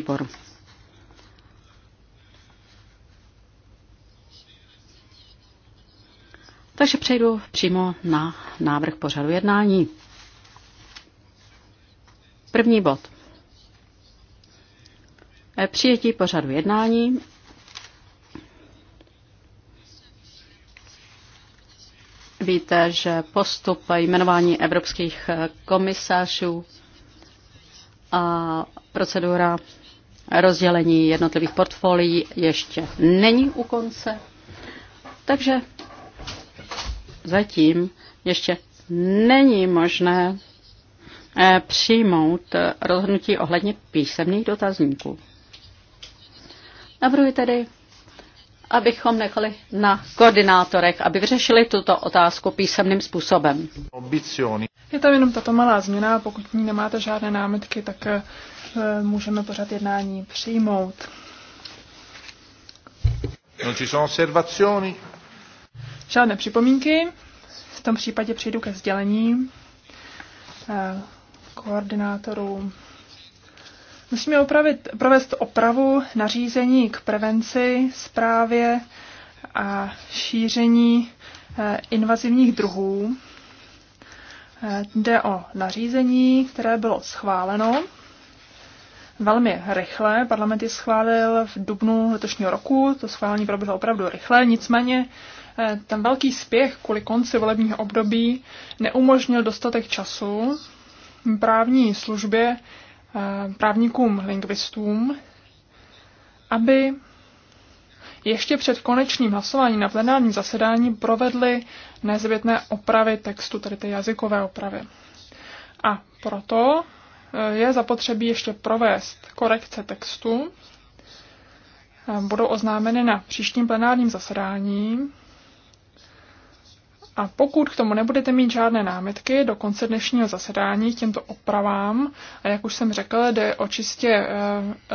výbor. Takže přejdu přímo na návrh pořadu jednání. První bod. Přijetí pořadu jednání. Víte, že postup jmenování evropských komisářů a procedura Rozdělení jednotlivých portfolií ještě není u konce, takže zatím ještě není možné eh, přijmout rozhodnutí ohledně písemných dotazníků. Navrhuji tedy, abychom nechali na koordinátorech, aby vyřešili tuto otázku písemným způsobem. Je tam jenom tato malá změna, pokud ní nemáte žádné námitky, tak eh, můžeme pořád jednání přijmout. Non ci sono osservazioni. Žádné připomínky. V tom případě přijdu ke sdělení eh, koordinátorů. Musíme opravit, provést opravu nařízení k prevenci, zprávě a šíření eh, invazivních druhů. Eh, jde o nařízení, které bylo schváleno velmi rychle. Parlament ji schválil v dubnu letošního roku, to schválení proběhlo opravdu rychle, nicméně eh, ten velký spěch kvůli konci volebního období neumožnil dostatek času právní službě, eh, právníkům, lingvistům, aby ještě před konečným hlasováním na plenárním zasedání provedli nezbytné opravy textu, tedy ty jazykové opravy. A proto Eh, je zapotřebí ještě provést korekce textu. Eh, budou oznámeny na příštím plenárním zasedání. A pokud k tomu nebudete mít žádné námitky do konce dnešního zasedání k těmto opravám, a jak už jsem řekl, jde o čistě e,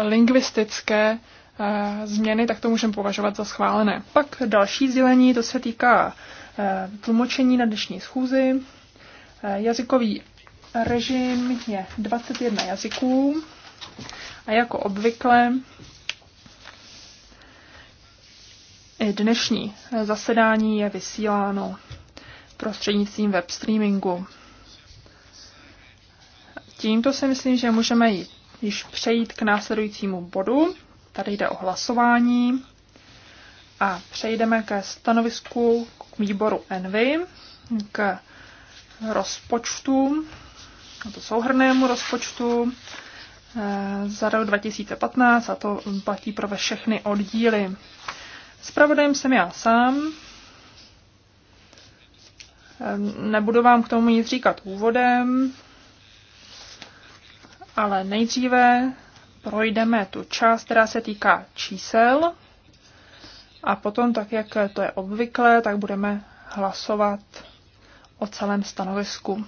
lingvistické e, změny, tak to můžeme považovat za schválené. Pak další sdělení, to se týká e, tlumočení na dnešní schůzi. E, jazykový režim je 21 jazyků a jako obvykle dnešní zasedání je vysíláno prostřednictvím web streamingu. Tímto si myslím, že můžeme již přejít k následujícímu bodu. Tady jde o hlasování a přejdeme ke stanovisku k výboru Envy, k rozpočtu to souhrnému rozpočtu eh, za rok 2015 a to platí pro všechny oddíly. Spravodajem jsem já sám. Eh, nebudu vám k tomu nic říkat úvodem, ale nejdříve projdeme tu část, která se týká čísel a potom, tak jak to je obvykle, tak budeme hlasovat o celém stanovisku.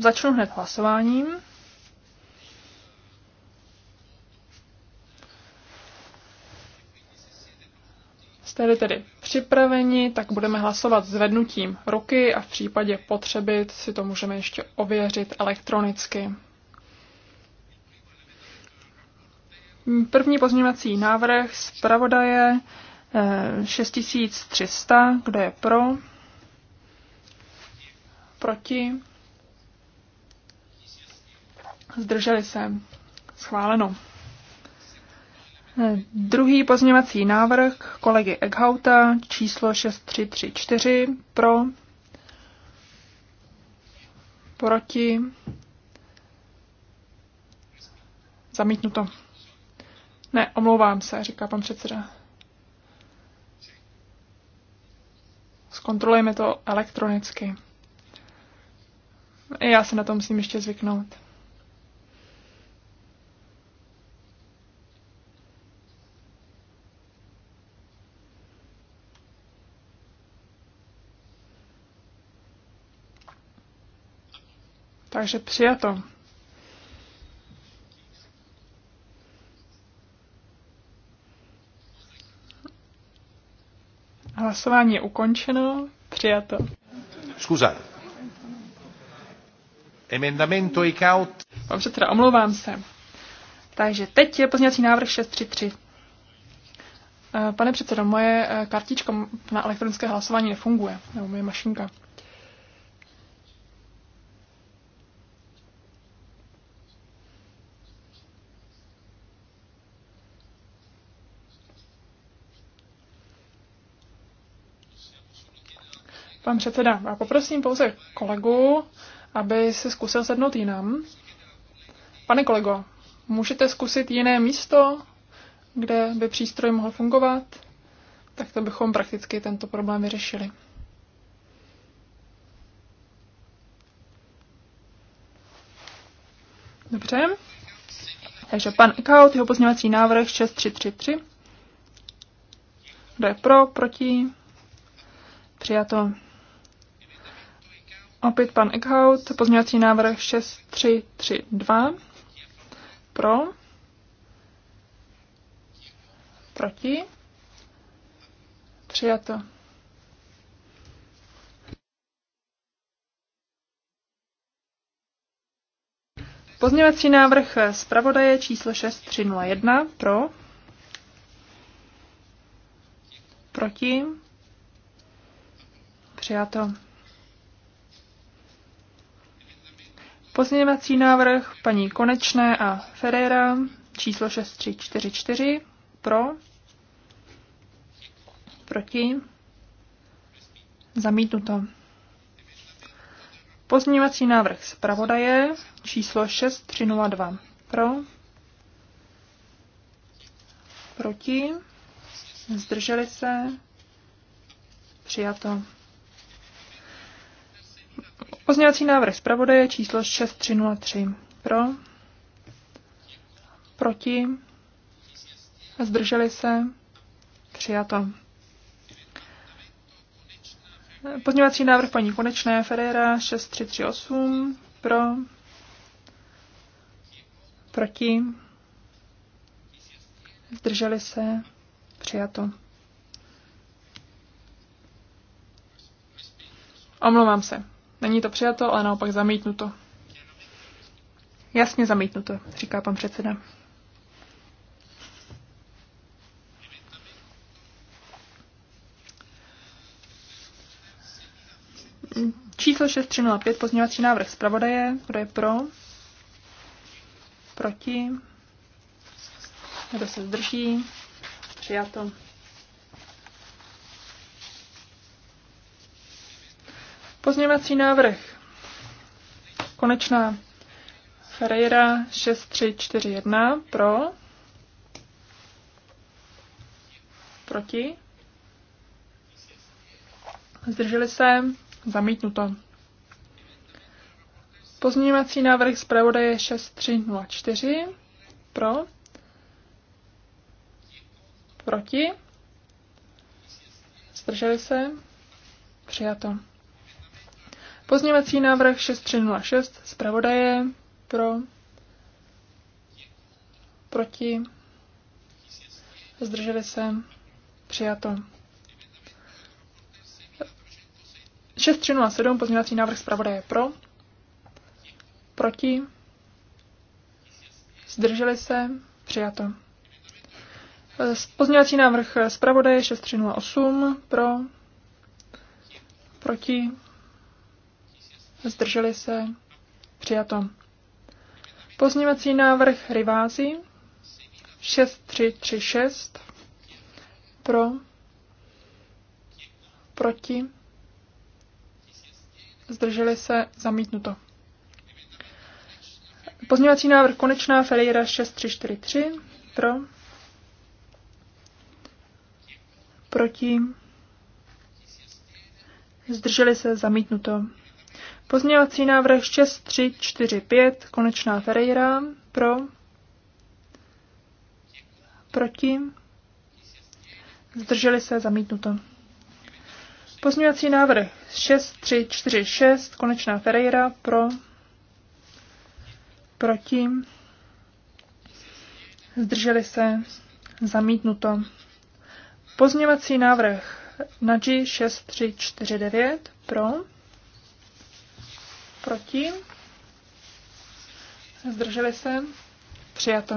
Začnu hned hlasováním. Jste tedy připraveni, tak budeme hlasovat zvednutím ruky a v případě potřeby si to můžeme ještě ověřit elektronicky. První pozměňovací návrh pravodaje 6300. Eh, Kdo je pro? Proti? Zdrželi se. Schváleno. Druhý pozměvací návrh kolegy Eckhouta, číslo 6334, pro, proti, zamítnuto. Ne, omlouvám se, říká pan předseda. Zkontrolujeme to elektronicky. Já se na to musím ještě zvyknout. takže přijato. Hlasování je ukončeno, přijato. Scusa. Emendamento i kaut. Pan teda omlouvám se. Takže teď je pozněcí návrh 633. Eh, pane předsedo, moje eh, kartička na elektronické hlasování nefunguje, nebo moje mašinka. pan předseda. Já poprosím pouze kolegu, aby si zkusil sednout jinam. Pane kolego, můžete zkusit jiné místo, kde by přístroj mohl fungovat? Tak to bychom prakticky tento problém vyřešili. Dobře. Takže pan Ekaut, jeho pozměňovací návrh 6333. Kdo je pro, proti? Přijato. Opět pan Eckhout, pozměňovací návrh 6332. Pro. Proti. Přijato. Pozměňovací návrh zpravodaje číslo 6301 pro. Proti. Přijato. Pozměňovací návrh paní Konečné a Ferreira číslo 6344 pro, proti, zamítnuto. Pozměňovací návrh zpravodaje číslo 6302 pro, proti, zdrželi se, přijato. Pozměňovací návrh zpravodaje číslo 6303. Pro? Proti? Zdrželi se? Přijato. Pozměňovací návrh paní Konečné, Ferreira 6338. Pro? Proti? Zdrželi se? Přijato. Omlouvám se. Není to přijato, ale naopak zamítnuto. Jasně zamítnuto, říká pan předseda. Číslo 6305, pozměňovací návrh zpravodaje. Kdo je pro? Proti? Kdo se zdrží? Přijato. Pozněvací návrh. Konečná. Ferreira 6341 pro. Proti. Zdrželi se. Zamítnuto. Pozměňovací návrh zpravodaje 6304 pro. Proti. Zdrželi se. Přijato. Pozněvací návrh 6306 zpravodaje pro, proti, zdrželi se, přijato. 6307 pozměňovací návrh zpravodaje pro, proti, zdrželi se, přijato. Pozměňovací návrh zpravodaje 6308 pro, proti, zdrželi se, přijato. Pozněvací návrh Rivázy 6336 pro, proti, zdrželi se, zamítnuto. Pozměňovací návrh konečná Ferreira 6343 pro, proti, zdrželi se, zamítnuto. Pozměňovací návrh 6345, konečná Ferreira, pro, proti, zdrželi se, zamítnuto. Pozměňovací návrh 6346, konečná Ferreira, pro, proti, zdrželi se, zamítnuto. Pozměňovací návrh 4 6349, pro, Proti? Zdrželi se? Přijato.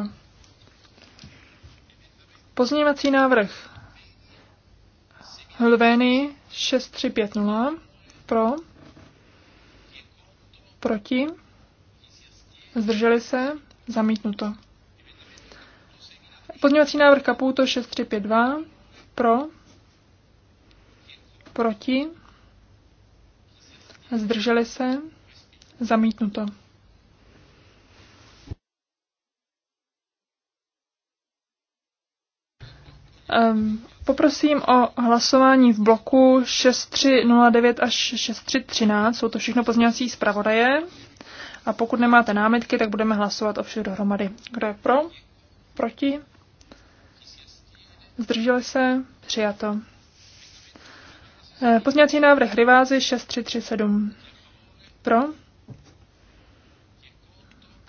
Pozměňovací návrh Lvény 6350 pro, proti, zdrželi se, zamítnuto. Pozměňovací návrh Kaputo 6352 pro, proti, zdrželi se, Zamítnuto. Um, poprosím o hlasování v bloku 6309 až 6313. Jsou to všechno pozměňovací zpravodaje. A pokud nemáte námitky, tak budeme hlasovat o všech dohromady. Kdo je pro? Proti? Zdrželi se? Přijato. Ehm, pozměňovací návrh Rivázy 6337. Pro?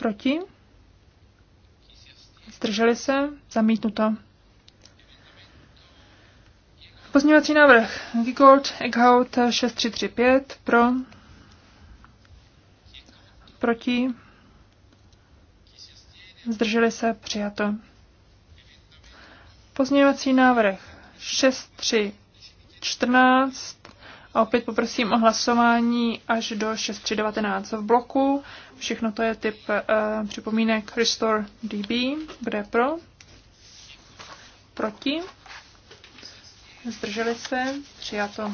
Proti? Zdrželi se? Zamítnuto. Pozměňovací návrh Gigold Eckhout 6335 pro proti zdrželi se přijato. Pozměňovací návrh 6314 a opět poprosím o hlasování až do 6319 v bloku. Všechno to je typ uh, připomínek Restore DB. Kde je pro? Proti? Zdrželi se? Přijato.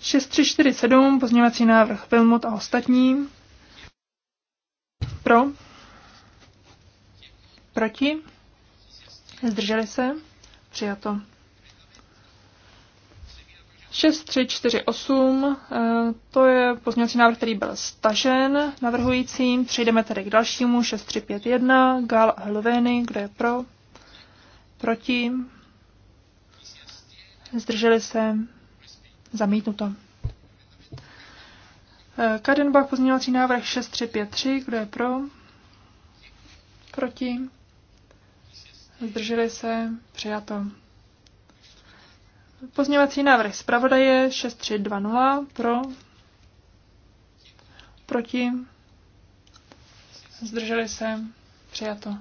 Šest, tři, čtyři, sedm, pozměňovací návrh Vilmut a ostatní. Pro? Proti? Zdrželi se? Přijato. 6348, eh, to je pozměňovací návrh, který byl stažen navrhujícím. Přejdeme tedy k dalšímu, 6351, Gal a Hlveny, kdo je pro, proti, zdrželi se, zamítnuto. Eh, Kadenbach pozměňovací návrh 6353, kdo je pro, proti, Zdrželi se? Přijato. Pozměňovací návrh zpravodaje 6320 pro, proti, zdrželi se, přijato.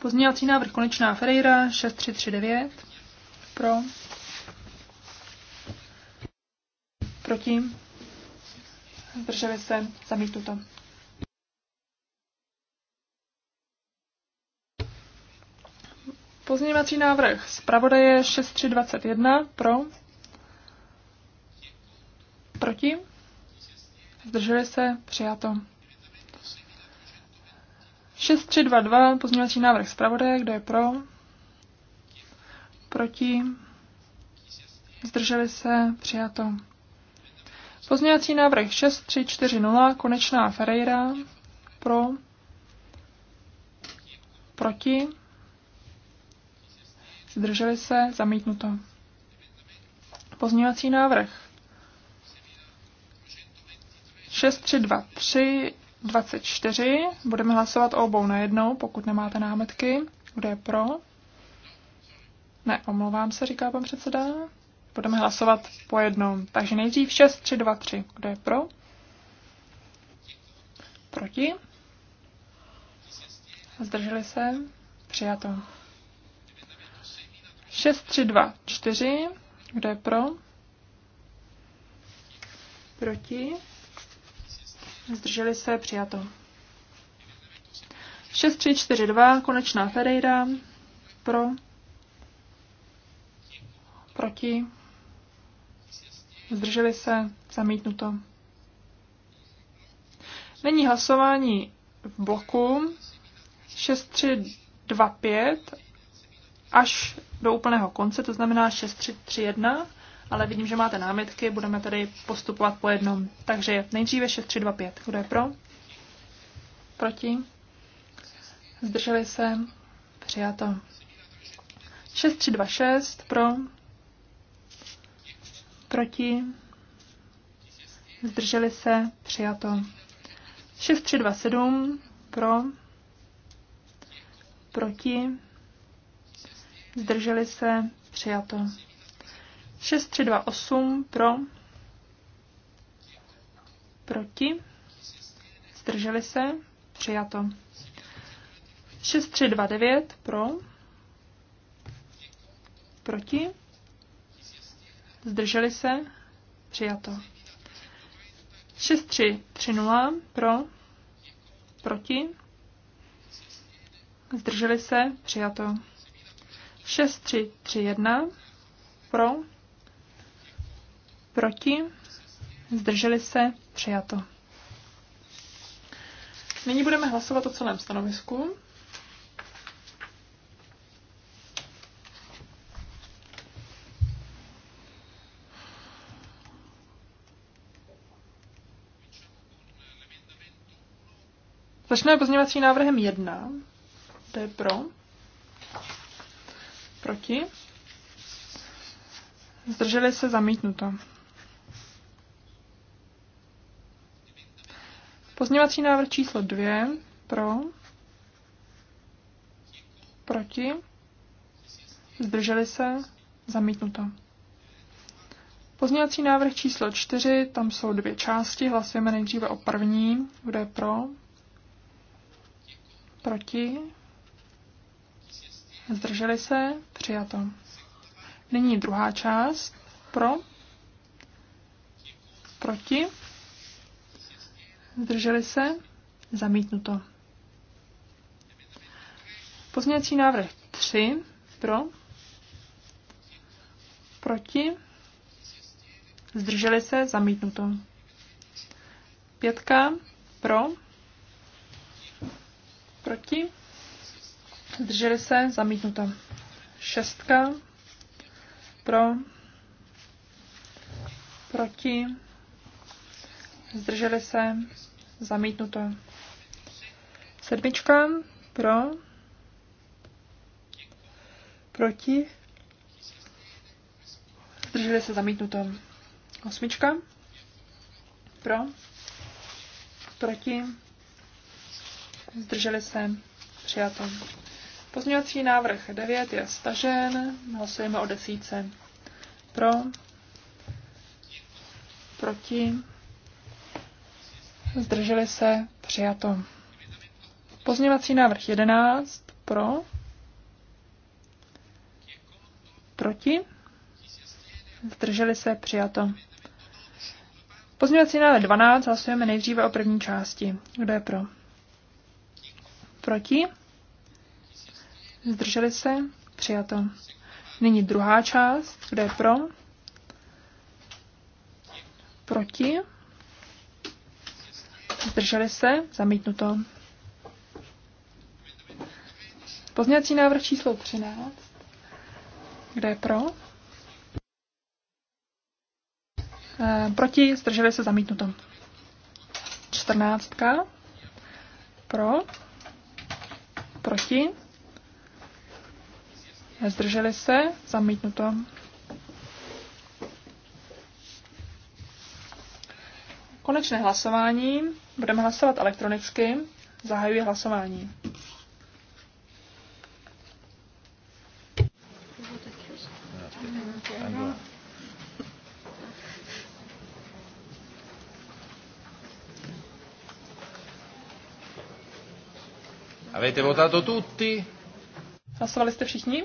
Pozměňovací návrh konečná Ferreira 6339 pro, proti, zdrželi se, zamítnuto. Pozměňovací návrh zpravodaje 6321 pro. Proti. Zdrželi se. Přijato. 6322 pozměňovací návrh zpravodaje. Kdo je pro? Proti. Zdrželi se. Přijato. Pozměňovací návrh 6340 konečná Ferreira pro. Proti Zdrželi se? Zamítnuto. Pozměňovací návrh. 632324. 24. Budeme hlasovat o obou najednou, pokud nemáte námetky. Kdo je pro? Ne, omlouvám se, říká pan předseda. Budeme hlasovat po jednom. Takže nejdřív 6, 3, 2, 3. Kdo je pro? Proti? Zdrželi se? Přijato. 6, 3, 2, 4. Kdo je pro? Proti? Zdrželi se, přijato. 6, 3, 4, 2, konečná Ferreira. Pro? Proti? Zdrželi se, zamítnuto. Není hlasování v bloku 6, 3, 2, 5, až do úplného konce, to znamená 6331, ale vidím, že máte námitky, budeme tady postupovat po jednom. Takže nejdříve 6325. Kdo je pro? Proti? Zdrželi se? Přijato. 6326 pro? Proti? Zdrželi se? Přijato. 6327 pro? Proti? zdrželi se, přijato. 6328 pro, proti, zdrželi se, přijato. 6329 pro, proti, zdrželi se, přijato. 6330 pro, proti, zdrželi se, přijato. 6331 pro, proti, zdrželi se, přijato. Nyní budeme hlasovat o celém stanovisku. Začneme pozměňovacím návrhem 1. To je pro. Proti? Zdrželi se zamítnuto. Pozměvací návrh číslo 2. Pro. Proti. Zdrželi se. Zamítnuto. Pozměňovací návrh číslo 4, tam jsou dvě části, hlasujeme nejdříve o první, kdo je pro, proti, Zdrželi se? Přijato. Nyní druhá část. Pro? Proti? Zdrželi se? Zamítnuto. Pozměňovací návrh 3. Pro? Proti? Zdrželi se? Zamítnuto. Pětka. Pro? Proti? Zdrželi se? Zamítnuto. Šestka. Pro. Proti. Zdrželi se? Zamítnuto. Sedmička. Pro. Proti. Zdrželi se? Zamítnuto. Osmička. Pro. Proti. Zdrželi se? Přijato. Pozměňovací návrh 9 je stažen, hlasujeme o desíce. Pro, proti, zdrželi se, přijato. Pozměňovací návrh 11, pro, proti, zdrželi se, přijato. Pozměňovací návrh 12 hlasujeme nejdříve o první části. Kdo je pro? Proti? Zdrželi se? Přijato. Nyní druhá část. Kde je pro? Proti? Zdrželi se? Zamítnuto. Pozměňovací návrh číslo 13. Kde je pro? E, proti? Zdrželi se? Zamítnuto. 14. Pro? Proti? Zdrželi se? Zamítnuto. Konečné hlasování. Budeme hlasovat elektronicky. Zahajuji hlasování. Avete votato tutti? Hlasovali jste všichni?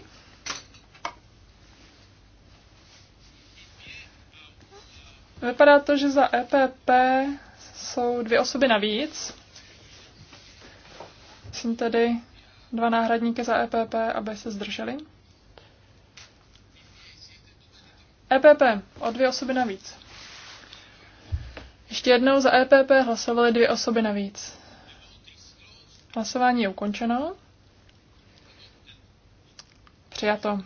Vypadá to, že za EPP jsou dvě osoby navíc. Jsem tedy dva náhradníky za EPP, aby se zdrželi. EPP, o dvě osoby navíc. Ještě jednou za EPP hlasovaly dvě osoby navíc. Hlasování je ukončeno. Přijato.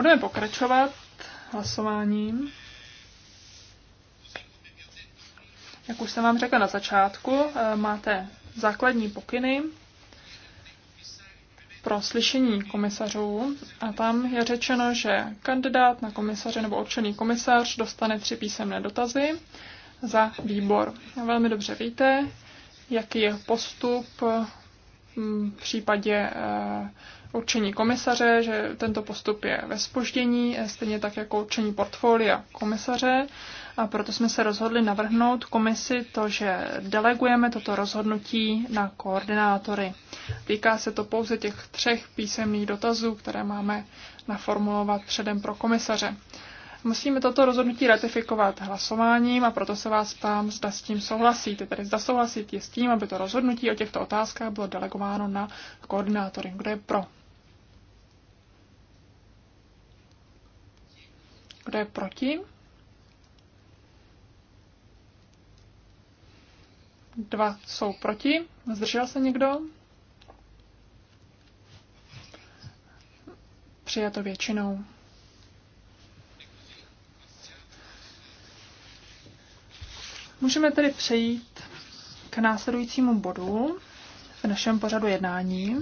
Budeme pokračovat hlasováním. Jak už jsem vám řekla na začátku, eh, máte základní pokyny pro slyšení komisařů a tam je řečeno, že kandidát na komisaře nebo občaný komisař dostane tři písemné dotazy za výbor. Velmi dobře víte, jaký je postup mm, v případě eh, určení komisaře, že tento postup je ve spoždění, stejně tak jako určení portfolia komisaře. A proto jsme se rozhodli navrhnout komisi to, že delegujeme toto rozhodnutí na koordinátory. Týká se to pouze těch třech písemných dotazů, které máme naformulovat předem pro komisaře. Musíme toto rozhodnutí ratifikovat hlasováním a proto se vás ptám, zda s tím souhlasíte. Tedy zda souhlasíte s tím, aby to rozhodnutí o těchto otázkách bylo delegováno na koordinátory. Kdo je pro? Kdo je proti? Dva jsou proti. Zdržel se někdo? Přijato většinou. Můžeme tedy přejít k následujícímu bodu v našem pořadu jednání.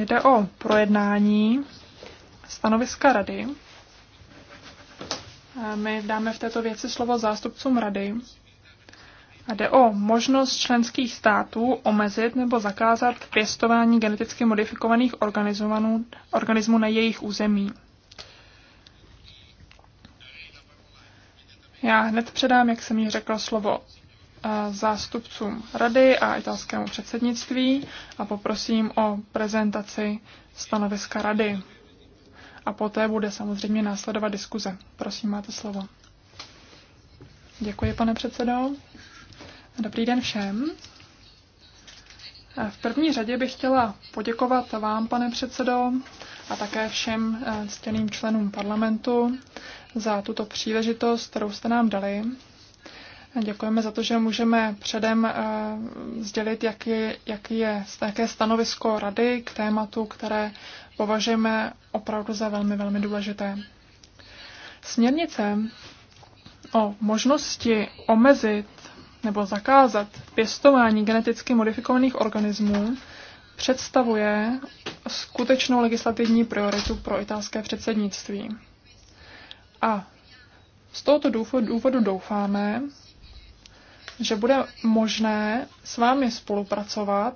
Jde o projednání stanoviska rady. My dáme v této věci slovo zástupcům rady. A jde o možnost členských států omezit nebo zakázat pěstování geneticky modifikovaných organismů na jejich území. Já hned předám, jak jsem ji řekl, slovo zástupcům rady a italskému předsednictví a poprosím o prezentaci stanoviska rady. A poté bude samozřejmě následovat diskuze. Prosím, máte slovo. Děkuji, pane předsedo. Dobrý den všem. V první řadě bych chtěla poděkovat vám, pane předsedo, a také všem eh, ctěným členům parlamentu za tuto příležitost, kterou jste nám dali Děkujeme za to, že můžeme předem eh, sdělit, jaký, jaký je, jaké stanovisko rady k tématu, které považujeme opravdu za velmi, velmi důležité. Směrnice o možnosti omezit nebo zakázat pěstování geneticky modifikovaných organismů představuje skutečnou legislativní prioritu pro italské předsednictví. A z tohoto důvodu doufáme, že bude možné s vámi spolupracovat,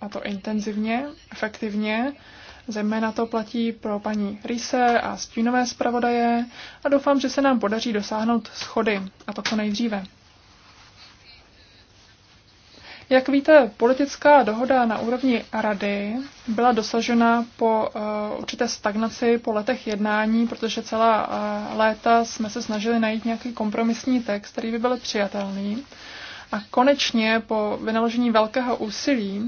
a to intenzivně, efektivně. Zejména to platí pro paní Rise a stínové zpravodaje a doufám, že se nám podaří dosáhnout schody, a to co nejdříve. Jak víte, politická dohoda na úrovni rady byla dosažena po uh, určité stagnaci po letech jednání, protože celá uh, léta jsme se snažili najít nějaký kompromisní text, který by byl přijatelný. A konečně po vynaložení velkého úsilí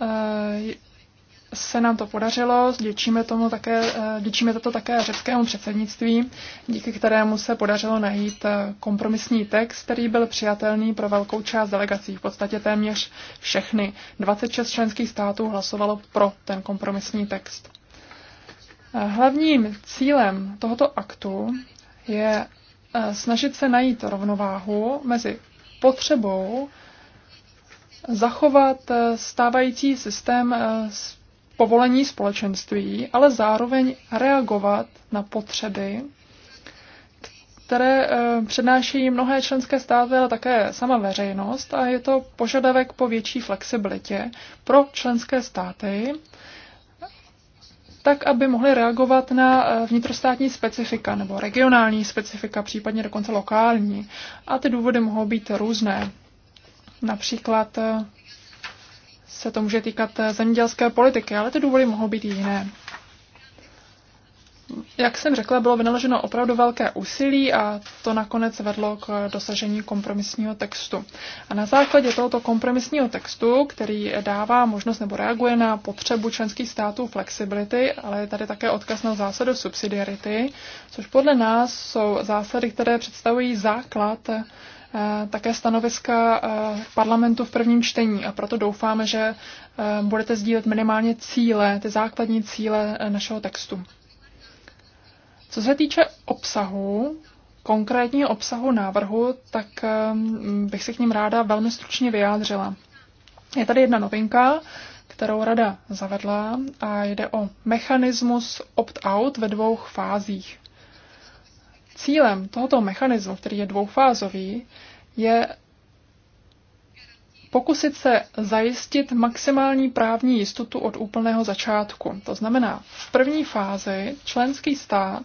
uh, se nám to podařilo, děčíme, tomu také, eh, děčíme to také řeckému předsednictví, díky kterému se podařilo najít eh, kompromisní text, který byl přijatelný pro velkou část delegací, v podstatě téměř všechny. 26 členských států hlasovalo pro ten kompromisní text. Eh, hlavním cílem tohoto aktu je snažit se najít rovnováhu mezi potřebou zachovat stávající systém povolení společenství, ale zároveň reagovat na potřeby, které eh, přednáší mnohé členské státy, ale také sama veřejnost a je to požadavek po větší flexibilitě pro členské státy, tak, aby mohly reagovat na eh, vnitrostátní specifika nebo regionální specifika, případně dokonce lokální. A ty důvody mohou být různé. Například eh, se to může týkat eh, zemědělské politiky, ale ty důvody mohou být jiné. Jak jsem řekla, bylo vynaloženo opravdu velké úsilí a to nakonec vedlo k dosažení kompromisního textu. A na základě tohoto kompromisního textu, který dává možnost nebo reaguje na potřebu členských států flexibility, ale je tady také odkaz na zásadu subsidiarity, což podle nás jsou zásady, které představují základ Eh, také stanoviska eh, parlamentu v prvním čtení a proto doufáme, že eh, budete sdílet minimálně cíle, ty základní cíle našeho textu. Co se týče obsahu, konkrétního obsahu návrhu, tak bych se k ním ráda velmi stručně vyjádřila. Je tady jedna novinka, kterou rada zavedla a jde o mechanismus opt-out ve dvou fázích. Cílem tohoto mechanismu, který je dvoufázový, je pokusit se zajistit maximální právní jistotu od úplného začátku. To znamená, v první fázi členský stát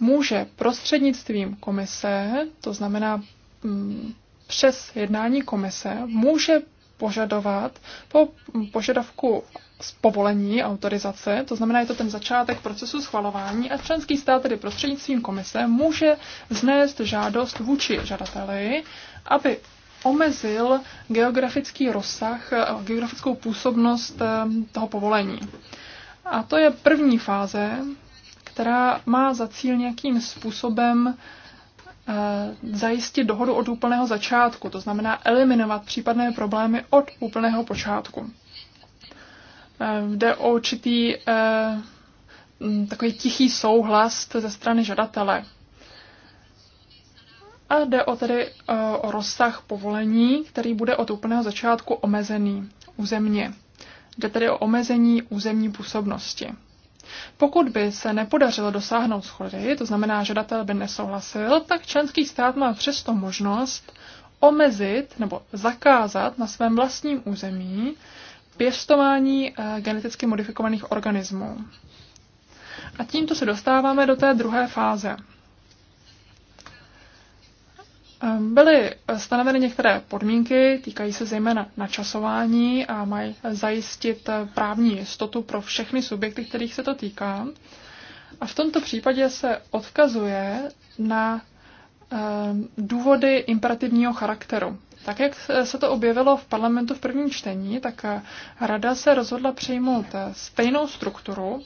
může prostřednictvím komise, to znamená mm, přes jednání komise, může požadovat po požadavku z povolení autorizace, to znamená, je to ten začátek procesu schvalování a členský stát tedy prostřednictvím komise může vznést žádost vůči žadateli, aby omezil geografický rozsah, eh, geografickou působnost eh, toho povolení. A to je první fáze, která má za cíl nějakým způsobem Eh, zajistit dohodu od úplného začátku, to znamená eliminovat případné problémy od úplného počátku. Eh, jde o určitý eh, takový tichý souhlas ze strany žadatele. A jde o tedy o rozsah povolení, který bude od úplného začátku omezený územně. Jde tedy o omezení územní působnosti. Pokud by se nepodařilo dosáhnout schody, to znamená, že datel by nesouhlasil, tak členský stát má přesto možnost omezit nebo zakázat na svém vlastním území pěstování eh, geneticky modifikovaných organismů. A tímto se dostáváme do té druhé fáze. Ehm, byly stanoveny některé podmínky, týkají se zejména načasování a mají zajistit eh, právní jistotu pro všechny subjekty, kterých se to týká. A v tomto případě se odkazuje na ehm, důvody imperativního charakteru. Tak, jak se to objevilo v parlamentu v prvním čtení, tak eh, rada se rozhodla přijmout eh, stejnou strukturu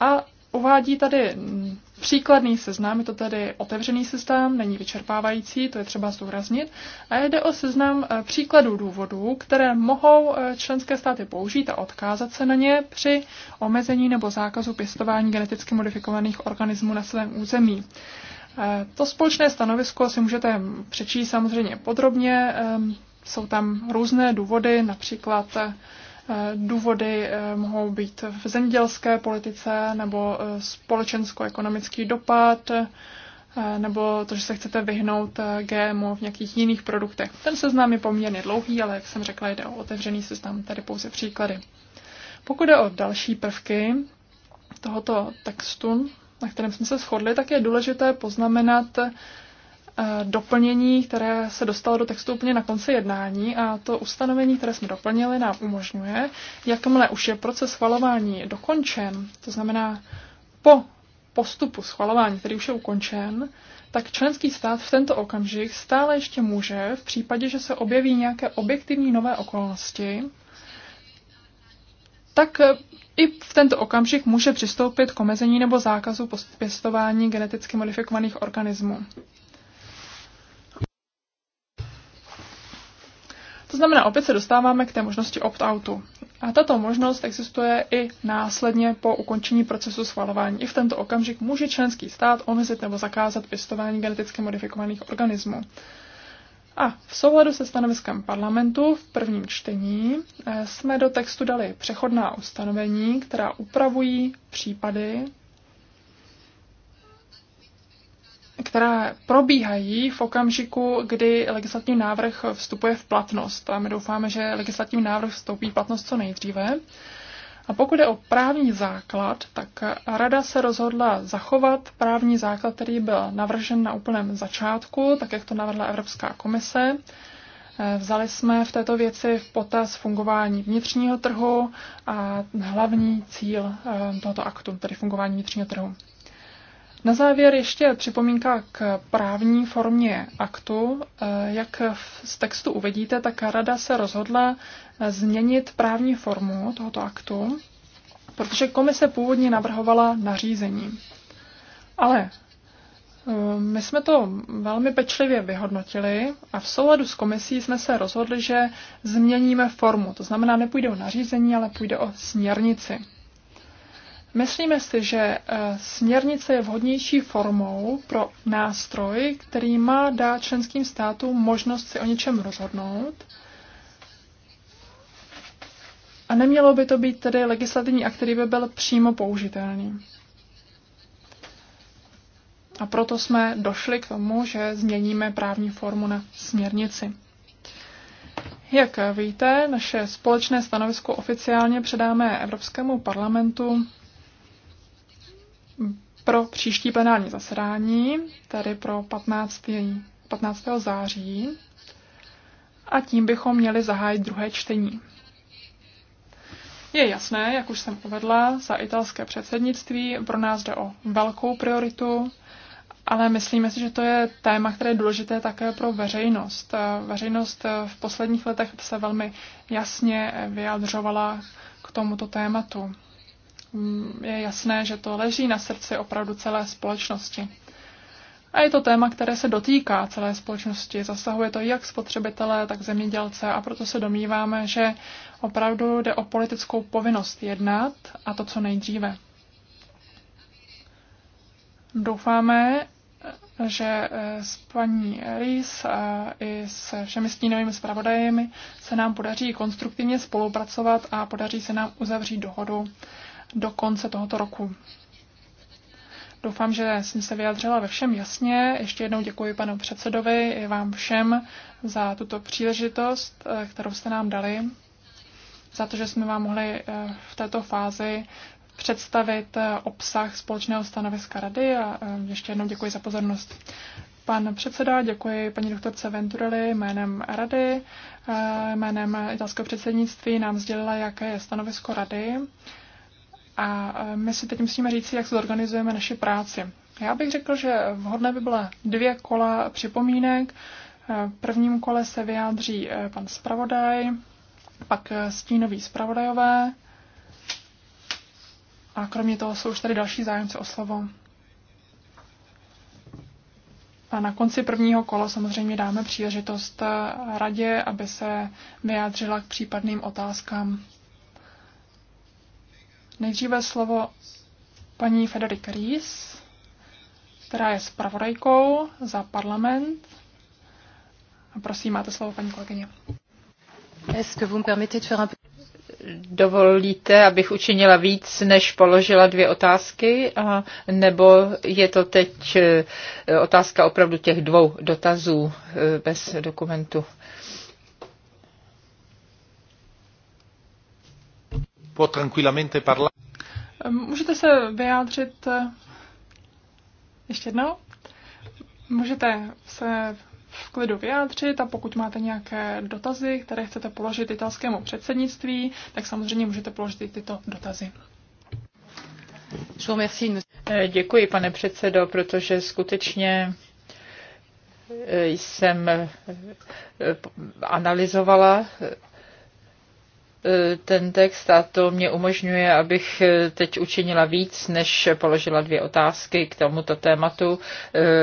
a uvádí tady mm, příkladný seznam, je to tady otevřený seznam, není vyčerpávající, to je třeba zdůraznit, a jde o seznam eh, příkladů důvodů, které mohou eh, členské státy použít a odkázat se na ně při omezení nebo zákazu pěstování geneticky modifikovaných organismů na svém území. Eh, to společné stanovisko si můžete mm, přečíst samozřejmě podrobně, jsou tam různé důvody, například Eh, důvody eh, mohou být v zemědělské politice nebo eh, společensko-ekonomický dopad nebo to, že se chcete vyhnout GMO v nějakých jiných produktech. Ten seznam je poměrně dlouhý, ale jak jsem řekla, jde o otevřený seznam, tady pouze příklady. Pokud jde o další prvky tohoto textu, na kterém jsme se shodli, tak je důležité poznamenat, Eh, doplnění, které se dostalo do textu úplně na konci jednání a to ustanovení, které jsme doplnili, nám umožňuje, jakmile už je proces schvalování dokončen, to znamená po postupu schvalování, který už je ukončen, tak členský stát v tento okamžik stále ještě může, v případě, že se objeví nějaké objektivní nové okolnosti, tak eh, i v tento okamžik může přistoupit k omezení nebo zákazu pěstování geneticky modifikovaných organismů. znamená, opět se dostáváme k té možnosti opt-outu. A tato možnost existuje i následně po ukončení procesu schvalování. I v tento okamžik může členský stát omezit nebo zakázat pěstování geneticky modifikovaných organismů. A v souladu se stanoviskem parlamentu v prvním čtení eh, jsme do textu dali přechodná ustanovení, která upravují případy, které probíhají v okamžiku, kdy legislativní návrh vstupuje v platnost. A my doufáme, že legislativní návrh vstoupí v platnost co nejdříve. A pokud je o právní základ, tak Rada se rozhodla zachovat právní základ, který byl navržen na úplném začátku, tak jak to navrhla Evropská komise. Eh, vzali jsme v této věci v potaz fungování vnitřního trhu a hlavní cíl eh, tohoto aktu, tedy fungování vnitřního trhu. Na závěr ještě připomínka k právní formě aktu. Eh, jak z textu uvidíte, tak rada se rozhodla eh, změnit právní formu tohoto aktu, protože komise původně navrhovala nařízení. Ale eh, my jsme to velmi pečlivě vyhodnotili a v souladu s komisí jsme se rozhodli, že změníme formu. To znamená, nepůjde o nařízení, ale půjde o směrnici. Myslíme si, že eh, směrnice je vhodnější formou pro nástroj, který má dát členským státům možnost si o něčem rozhodnout. A nemělo by to být tedy legislativní akt, který by byl přímo použitelný. A proto jsme došli k tomu, že změníme právní formu na směrnici. Jak víte, naše společné stanovisko oficiálně předáme Evropskému parlamentu pro příští plenární zasedání, tedy pro 15. 15. září, a tím bychom měli zahájit druhé čtení. Je jasné, jak už jsem uvedla, za italské předsednictví pro nás jde o velkou prioritu, ale myslíme si, že to je téma, které je důležité také pro veřejnost. Veřejnost v posledních letech se velmi jasně vyjadřovala k tomuto tématu. Mm, je jasné, že to leží na srdci opravdu celé společnosti. A je to téma, které se dotýká celé společnosti. Zasahuje to jak spotřebitele, tak zemědělce a proto se domníváme, že opravdu jde o politickou povinnost jednat a to co nejdříve. Doufáme, že eh, s paní Rýs a i se všemi stínovými zpravodajemi se nám podaří konstruktivně spolupracovat a podaří se nám uzavřít dohodu do konce tohoto roku. Doufám, že jsem se vyjadřila ve všem jasně. Ještě jednou děkuji panu předsedovi i vám všem za tuto příležitost, eh, kterou jste nám dali, za to, že jsme vám mohli eh, v této fázi představit eh, obsah společného stanoviska rady a ještě jednou děkuji za pozornost. Pan předseda, děkuji paní doktorce Venturelli jménem rady, jménem italského předsednictví nám sdělila, jaké je stanovisko rady. A e, my si teď musíme říct, jak zorganizujeme naše práci. Já bych řekl, že vhodné by byla dvě kola připomínek. E, v prvním kole se vyjádří e, pan zpravodaj, pak stínový zpravodajové a kromě toho jsou už tady další zájemci o slovo. A na konci prvního kola samozřejmě dáme příležitost radě, aby se vyjádřila k případným otázkám Nejdříve slovo paní Federica Ries, která je zpravodajkou za parlament. A prosím, máte slovo, paní kolegyně. Dovolíte, abych učinila víc, než položila dvě otázky, a nebo je to teď eh, otázka opravdu těch dvou dotazů eh, bez dokumentu? Può tranquillamente parlare. Ehm, můžete se vyjádřit eh, ještě jednou? Můžete se v klidu vyjádřit a pokud máte nějaké dotazy, které chcete položit italskému předsednictví, tak samozřejmě můžete položit i tyto dotazy. Eh, děkuji, pane předsedo, protože skutečně eh, jsem analyzovala E, ten text a to mě umožňuje, abych e, teď učinila víc, než položila dvě otázky k tomuto tématu,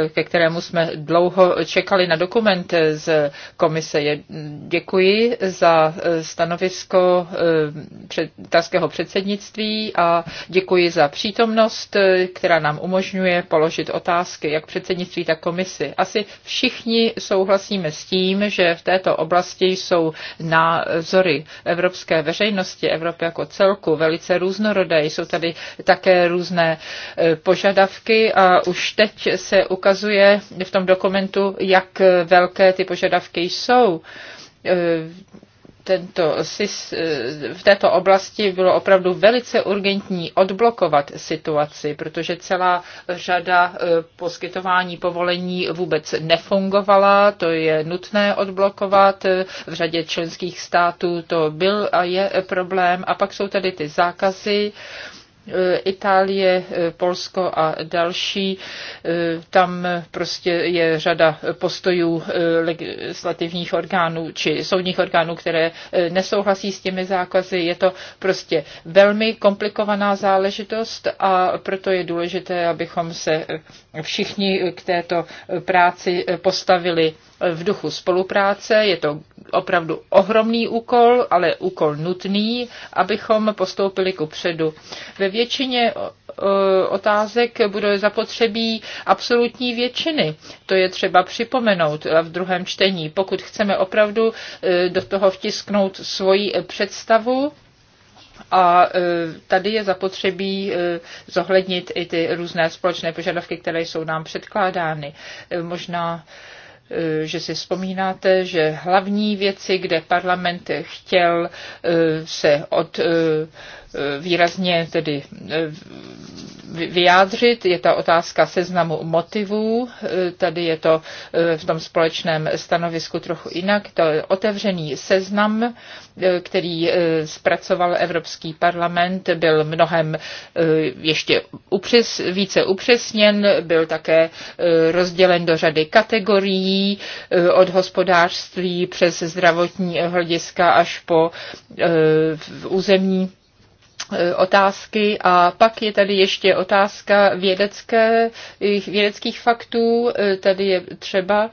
e, ke kterému jsme dlouho čekali na dokument z komise. Děkuji za stanovisko italského předsednictví a děkuji za přítomnost, která nám umožňuje položit otázky jak předsednictví, tak komisi. Asi všichni souhlasíme s tím, že v této oblasti jsou názory Evropské evropské veřejnosti, Evropy jako celku, velice různorodé. Jsou tady také různé e, požadavky a už teď se ukazuje v tom dokumentu, jak velké ty požadavky jsou e, tento, v této oblasti bylo opravdu velice urgentní odblokovat situaci, protože celá řada eh, poskytování povolení vůbec nefungovala, to je nutné odblokovat, eh, v řadě členských států to byl a je problém. A pak jsou tady ty zákazy, E, Itálie, e, Polsko a další. E, tam prostě je řada postojů legislativních orgánů či soudních orgánů, které nesouhlasí s těmi zákazy. Je to prostě velmi komplikovaná záležitost a proto je důležité, abychom se všichni k této práci postavili v duchu spolupráce. Je to opravdu ohromný úkol, ale úkol nutný, abychom postoupili ku předu. Ve většině eh, otázek bude zapotřebí absolutní většiny. To je třeba připomenout v druhém čtení. Pokud chceme opravdu eh, do toho vtisknout svoji představu, a eh, tady je zapotřebí zohlednit i ty různé společné požadavky, které jsou nám předkládány. Možná že si vzpomínáte, že hlavní věci, kde parlament chtěl se od výrazně tedy eh, vyjádřit. Je ta otázka seznamu motivů, eh, tady je to eh, v tom společném stanovisku trochu jinak. To je otevřený seznam, který zpracoval Evropský parlament, byl mnohem ještě upřes, více upřesněn, byl také rozdělen do řady kategorií od hospodářství přes zdravotní hlediska až po územní Eh, otázky a pak je tady ještě otázka vědecké, eh, vědeckých faktů. Eh, tady je třeba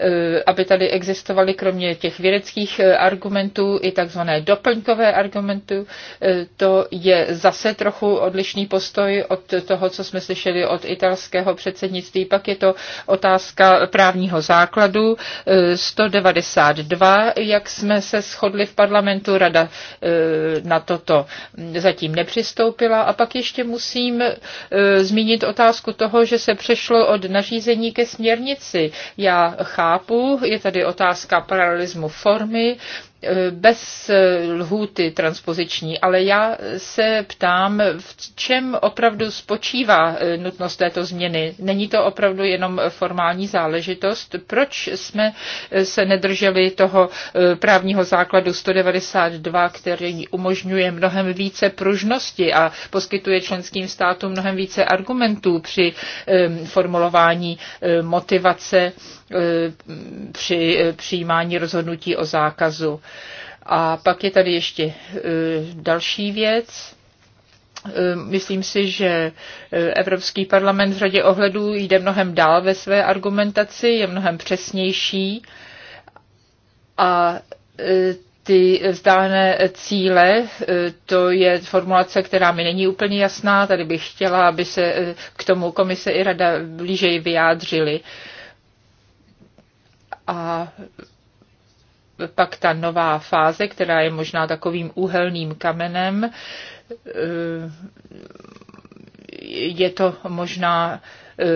Eh, aby tady existovaly kromě těch vědeckých eh, argumentů i takzvané doplňkové argumenty. Eh, to je zase trochu odlišný postoj od toho, co jsme slyšeli od italského předsednictví. Pak je to otázka právního základu 192, jak jsme se shodli v parlamentu, rada na toto zatím nepřistoupila. A pak ještě musím zmínit otázku toho, že se přešlo od nařízení ke směrnici. Já chápu, chápu. Je tady otázka paralelismu formy eh, bez eh, lhůty transpoziční, ale já se ptám, v čem opravdu spočívá eh, nutnost této změny. Není to opravdu jenom formální záležitost? Proč jsme se nedrželi toho právního základu 192, který umožňuje mnohem více pružnosti a poskytuje členským státům mnohem více argumentů při formulování motivace Eh, při přijímání rozhodnutí o zákazu. A pak je tady ještě eh, další věc. Eh, myslím si, že Evropský parlament v řadě ohledů jde mnohem dál ve své argumentaci, je mnohem přesnější a ty vzdálené cíle, to je formulace, která mi není úplně jasná, tady bych chtěla, aby se k tomu komise i rada blížeji vyjádřili a pak ta nová fáze, která je možná takovým úhelným kamenem, eh, je to možná Eh,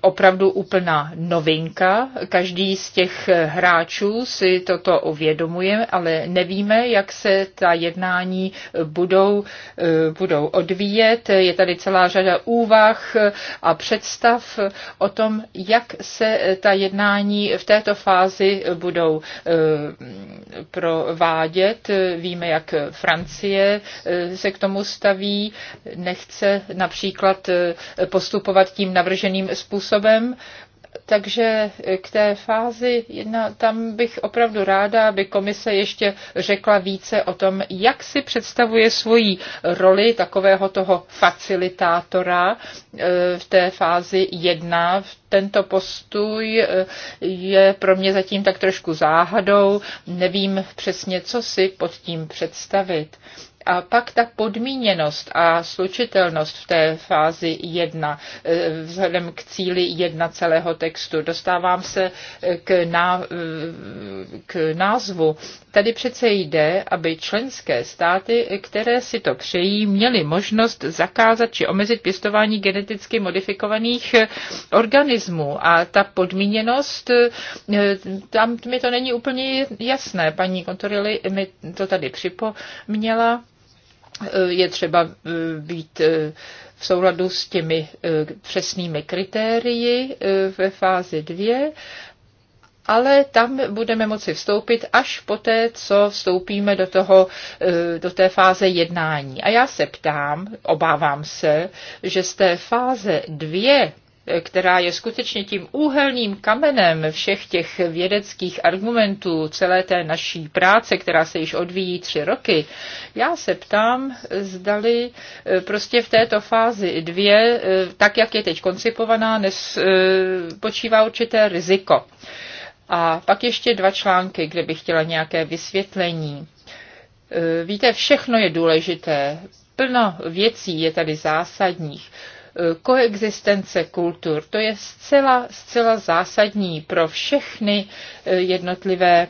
opravdu úplná novinka. Každý z těch hráčů si toto uvědomuje, ale nevíme, jak se ta jednání budou, eh, budou odvíjet. Je tady celá řada úvah a představ o tom, jak se ta jednání v této fázi budou eh, provádět. Víme, jak Francie se k tomu staví. Nechce například postupovat tím navrženým vyváženým způsobem. Takže k té fázi jedna, tam bych opravdu ráda, aby komise ještě řekla více o tom, jak si představuje svoji roli takového toho facilitátora e, v té fázi jedna. Tento postoj e, je pro mě zatím tak trošku záhadou, nevím přesně, co si pod tím představit. A pak ta podmíněnost a slučitelnost v té fázi 1 e, vzhledem k cíli 1 celého textu. Dostávám se k, ná, e, k názvu. Tady přece jde, aby členské státy, které si to přejí, měly možnost zakázat či omezit pěstování geneticky modifikovaných e, organismů. A ta podmíněnost, tam mi to není úplně jasné. Paní Kontorili mi to tady připomněla je třeba eh, být eh, v souladu s těmi eh, přesnými kritérii ve fázi 2 ale tam budeme moci vstoupit až poté, co vstoupíme do, toho, do té fáze jednání. A já se ptám, obávám se, že z té fáze dvě která je skutečně tím úhelným kamenem všech těch vědeckých argumentů celé té naší práce, která se již odvíjí tři roky, já se ptám, zdali e, prostě v této fázi dvě, e, tak jak je teď koncipovaná, e, počívá určité riziko. A pak ještě dva články, kde bych chtěla nějaké vysvětlení. Víte, všechno je důležité. Plno věcí je tady zásadních koexistence kultur. To je zcela, zcela zásadní pro všechny eh, jednotlivé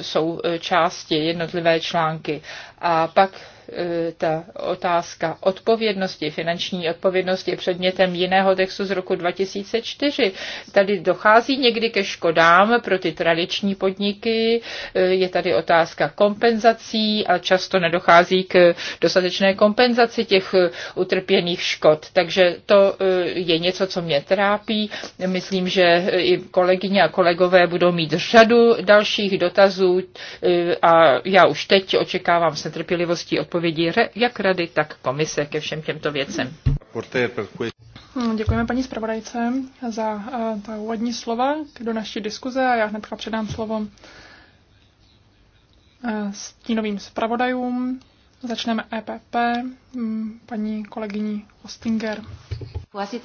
jsou eh, eh, části jednotlivé články. A pak E, ta otázka odpovědnosti, finanční odpovědnosti je předmětem jiného textu z roku 2004. Tady dochází někdy ke škodám pro ty tradiční podniky, e, je tady otázka kompenzací a často nedochází k dostatečné kompenzaci těch e, utrpěných škod. Takže to je něco, co mě trápí. Myslím, že i kolegyně a kolegové budou mít řadu dalších dotazů a já už teď očekávám se trpělivostí odpovědnosti odpovědí jak rady, tak komise ke všem těmto věcem. Děkujeme paní zpravodajce za eh, ta úvodní slova do naší diskuze a já hnedka předám slovo uh, stínovým zpravodajům. Začneme EPP, mm, paní kolegyní Ostinger.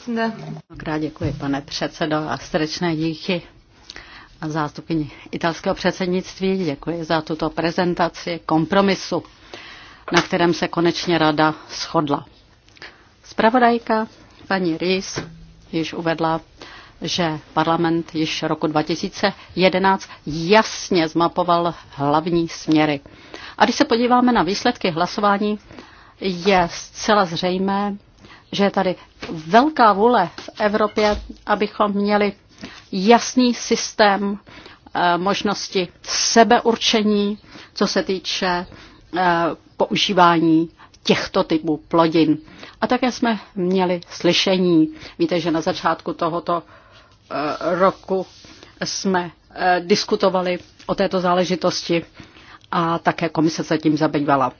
Mnohokrát děkuji, pane předsedo, a srdečné díky a zástupkyni italského předsednictví. Děkuji za tuto prezentaci kompromisu na kterém se konečně rada shodla. Spravodajka paní Rys již uvedla, že parlament již roku 2011 jasně zmapoval hlavní směry. A když se podíváme na výsledky hlasování, je zcela zřejmé, že je tady velká vůle v Evropě, abychom měli jasný systém eh, možnosti sebeurčení, co se týče Eh, používání těchto typů plodin. A také jsme měli slyšení. Víte, že na začátku tohoto eh, roku jsme eh, diskutovali o této záležitosti a také komise se tím zabývala.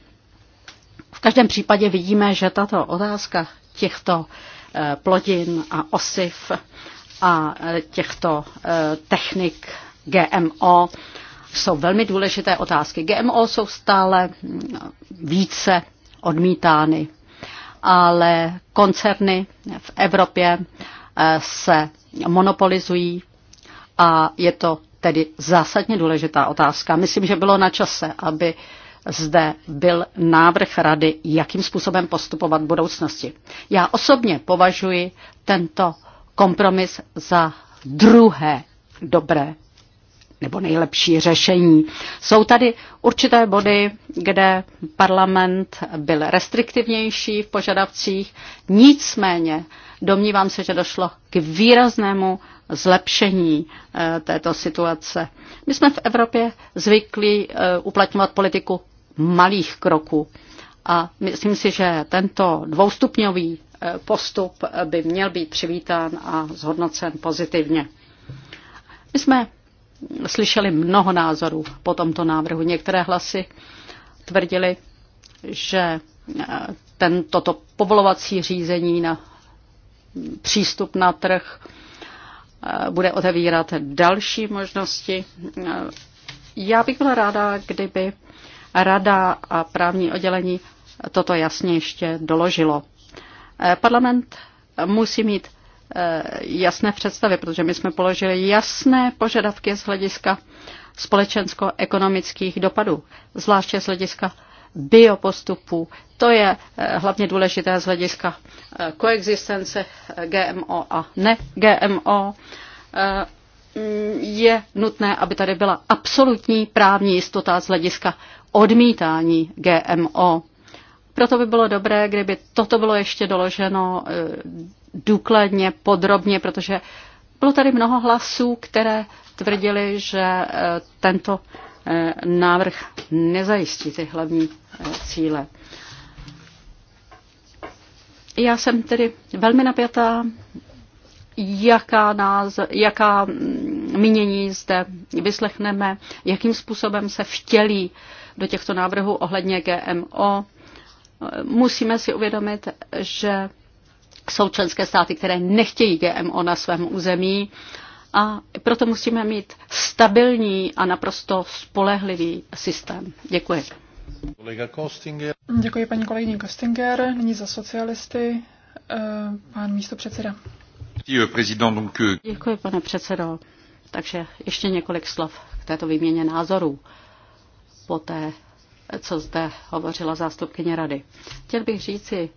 V každém případě vidíme, že tato otázka těchto plodin a osiv a těchto technik GMO jsou velmi důležité otázky. GMO jsou stále více odmítány, ale koncerny v Evropě eh, se monopolizují a je to tedy zásadně důležitá otázka. Myslím, že bylo na čase, aby zde byl návrh rady, jakým způsobem postupovat v budoucnosti. Já osobně považuji tento kompromis za druhé dobré nebo nejlepší řešení. Jsou tady určité body, kde parlament byl restriktivnější v požadavcích, nicméně domnívám se, že došlo k výraznému zlepšení eh, této situace. My jsme v Evropě zvyklí eh, uplatňovat politiku malých kroků a myslím si, že tento dvoustupňový eh, postup by měl být přivítán a zhodnocen pozitivně. My jsme slyšeli mnoho názorů po tomto návrhu. Některé hlasy tvrdili, že e, ten, toto povolovací řízení na přístup na trh e, bude otevírat další možnosti. E, já bych byla ráda, kdyby rada a právní oddělení toto jasně ještě doložilo. Parlament musí mít Eh, jasné představy, protože my jsme položili jasné požadavky z hlediska společensko-ekonomických dopadů, zvláště z hlediska biopostupů. To je eh, hlavně důležité z hlediska eh, koexistence GMO a ne GMO. Je nutné, aby tady byla absolutní právní jistota z hlediska odmítání GMO. Proto by bylo dobré, kdyby toto bylo ještě doloženo důkladně, podrobně, protože bylo tady mnoho hlasů, které tvrdili, že eh, tento eh, návrh nezajistí ty hlavní eh, cíle. Já jsem tedy velmi napjatá, jaká, nás, jaká mm, mínění zde vyslechneme, jakým způsobem se vtělí do těchto návrhů ohledně GMO. Musíme si uvědomit, že jsou členské státy, které nechtějí GMO na svém území a proto musíme mít stabilní a naprosto spolehlivý systém. Děkuji. Děkuji paní kolegyni Kostinger. Nyní za socialisty eh, pan místo předseda. Eh, eh, Děkuji, pane předsedo. Takže ještě několik slov k této výměně názorů. té, co zde hovořila zástupkyně rady. Chtěl bych říci,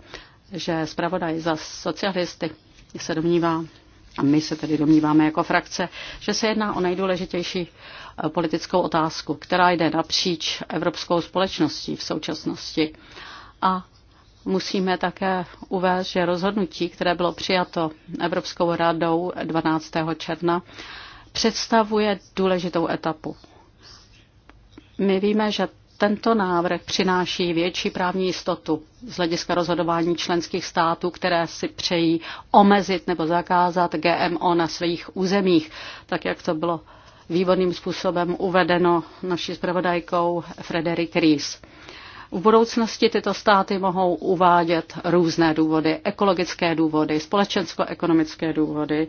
že zpravodaj za socialisty se domnívá, a my se tedy domníváme jako frakce, že se jedná o nejdůležitější eh, politickou otázku, která jde napříč evropskou společností v současnosti. A musíme také uvést, že rozhodnutí, které bylo přijato Evropskou radou 12. června, představuje důležitou etapu. My víme, že tento návrh přináší větší právní jistotu z hlediska rozhodování členských států, které si přejí omezit nebo zakázat GMO na svých územích, tak jak to bylo výborným způsobem uvedeno naší zpravodajkou Frederik Ries. V budoucnosti tyto státy mohou uvádět různé důvody, ekologické důvody, společensko-ekonomické důvody,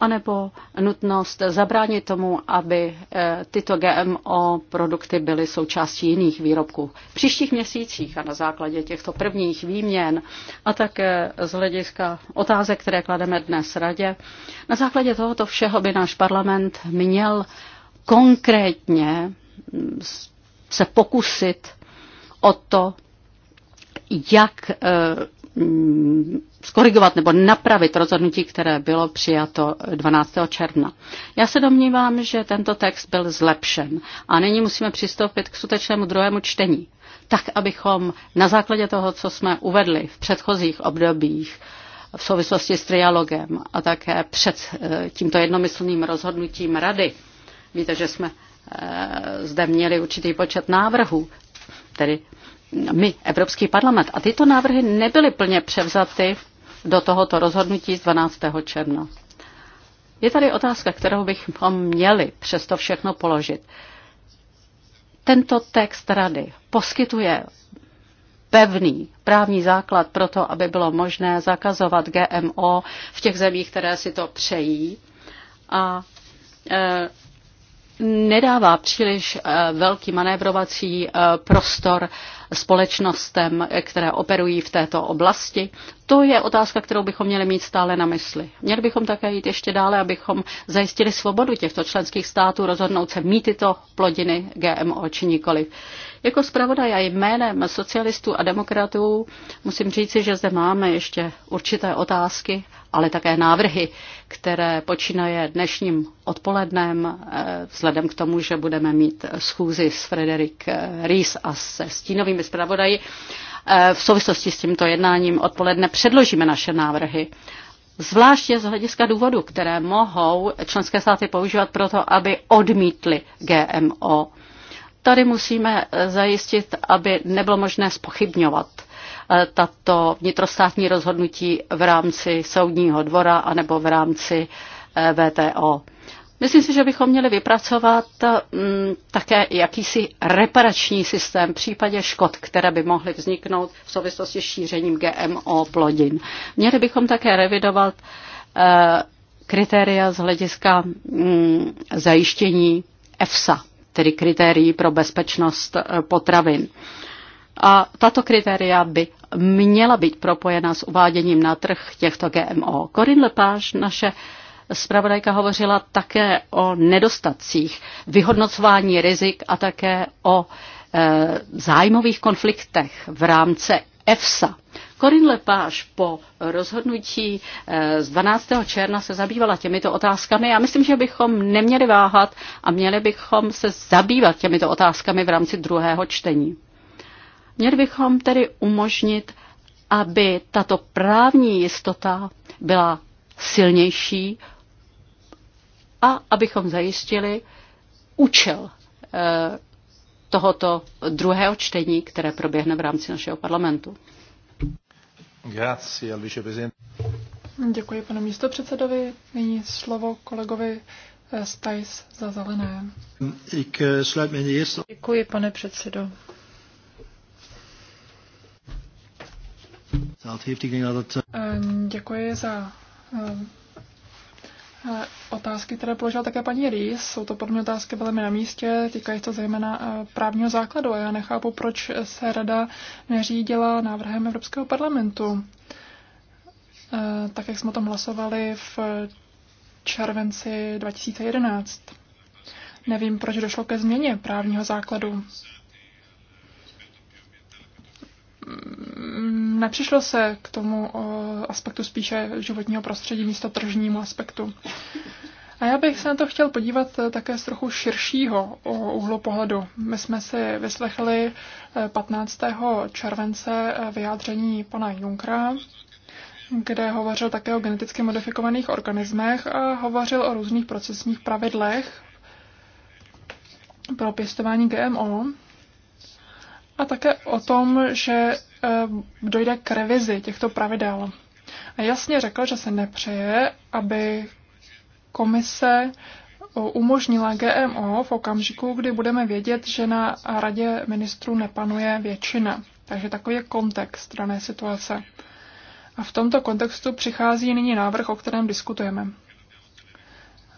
anebo nutnost zabránit tomu, aby eh, tyto GMO produkty byly součástí jiných výrobků. V příštích měsících a na základě těchto prvních výměn a také z hlediska otázek, které klademe dnes radě, na základě tohoto všeho by náš parlament měl konkrétně se pokusit o to, jak eh, mm, skorigovat nebo napravit rozhodnutí, které bylo přijato 12. června. Já se domnívám, že tento text byl zlepšen a nyní musíme přistoupit k skutečnému druhému čtení, tak abychom na základě toho, co jsme uvedli v předchozích obdobích, v souvislosti s trialogem a také před eh, tímto jednomyslným rozhodnutím rady, víte, že jsme eh, zde měli určitý počet návrhů, tedy my, Evropský parlament. A tyto návrhy nebyly plně převzaty do tohoto rozhodnutí z 12. června. Je tady otázka, kterou bychom měli přesto všechno položit. Tento text rady poskytuje pevný právní základ pro to, aby bylo možné zakazovat GMO v těch zemích, které si to přejí. A e, nedává příliš eh, velký manévrovací eh, prostor společnostem, které operují v této oblasti. To je otázka, kterou bychom měli mít stále na mysli. Měli bychom také jít ještě dále, abychom zajistili svobodu těchto členských států rozhodnout se mít tyto plodiny GMO či nikoliv. Jako zpravodaj a jménem socialistů a demokratů musím říci, že zde máme ještě určité otázky ale také návrhy, které počínaje dnešním odpolednem, eh, vzhledem k tomu, že budeme mít schůzi s Frederik eh, Ries a se stínovými zpravodaji. Eh, v souvislosti s tímto jednáním odpoledne předložíme naše návrhy zvláště z hlediska důvodu, které mohou členské státy používat proto, aby odmítly GMO. Tady musíme zajistit, aby nebylo možné spochybňovat Eh, tato vnitrostátní rozhodnutí v rámci soudního dvora anebo v rámci eh, VTO. Myslím si, že bychom měli vypracovat mm, také jakýsi reparační systém v případě škod, které by mohly vzniknout v souvislosti s šířením GMO plodin. Měli bychom také revidovat eh, kritéria z hlediska mm, zajištění EFSA, tedy kritérií pro bezpečnost potravin a tato kritéria by měla být propojena s uváděním na trh těchto GMO. Corinne Lepage, naše zpravodajka, hovořila také o nedostacích, vyhodnocování rizik a také o e, zájmových konfliktech v rámci EFSA. Corinne Lepage po rozhodnutí e, z 12. června se zabývala těmito otázkami. Já myslím, že bychom neměli váhat a měli bychom se zabývat těmito otázkami v rámci druhého čtení. Měli bychom tedy umožnit, aby tato právní jistota byla silnější a abychom zajistili účel eh, tohoto druhého čtení, které proběhne v rámci našeho parlamentu. Děkuji panu předsedovi, Nyní slovo kolegovi eh, Stajs za zelené. Eh, Děkuji, pane předsedo. Ehm, děkuji za ehm, eh, otázky, které položila také paní Rýs. Jsou to podobné otázky velmi na místě, týkají to zejména eh, právního základu a já nechápu, proč se rada neřídila návrhem Evropského parlamentu. Eh, tak, jak jsme o tom hlasovali v červenci 2011. Nevím, proč došlo ke změně právního základu nepřišlo se k tomu eh, aspektu spíše životního prostředí místo tržnímu aspektu. A já bych se na to chtěl podívat eh, také z trochu širšího úhlu pohledu. My jsme si vyslechli 15. Eh, července vyjádření pana Junkra, kde hovořil také o geneticky modifikovaných organismech a hovořil o různých procesních pravidlech pro pěstování GMO a také o tom, že Eh, dojde k revizi těchto pravidel. A jasně řekl, že se nepřeje, aby komise umožnila GMO v okamžiku, kdy budeme vědět, že na radě ministrů nepanuje většina. Takže takový je kontext dané situace. A v tomto kontextu přichází nyní návrh, o kterém diskutujeme.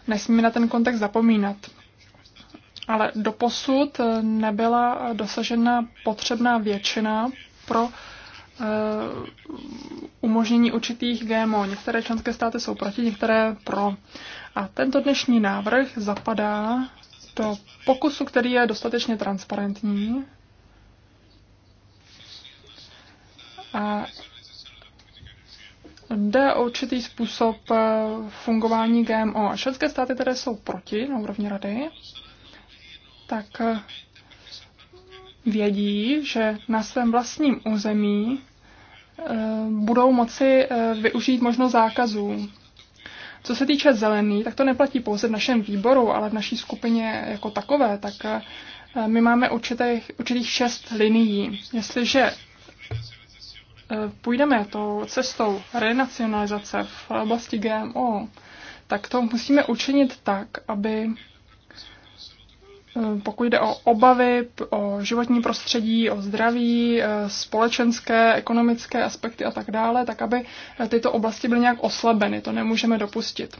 Nesmíme na ten kontext zapomínat. Ale doposud nebyla dosažena potřebná většina pro eh, umožnění určitých GMO. Některé členské státy jsou proti, některé pro. A tento dnešní návrh zapadá do pokusu, který je dostatečně transparentní a jde o určitý způsob eh, fungování GMO. A členské státy, které jsou proti na úrovni rady, tak eh, vědí, že na svém vlastním území eh, budou moci eh, využít možnost zákazů. Co se týče zelený, tak to neplatí pouze v našem výboru, ale v naší skupině jako takové, tak eh, my máme určitých, určitých šest linií. Jestliže půjdeme tou cestou renacionalizace v oblasti GMO, tak to musíme učinit tak, aby Eh, pokud jde o obavy, o životní prostředí, o zdraví, eh, společenské, ekonomické aspekty a tak dále, tak aby eh, tyto oblasti byly nějak oslabeny. To nemůžeme dopustit.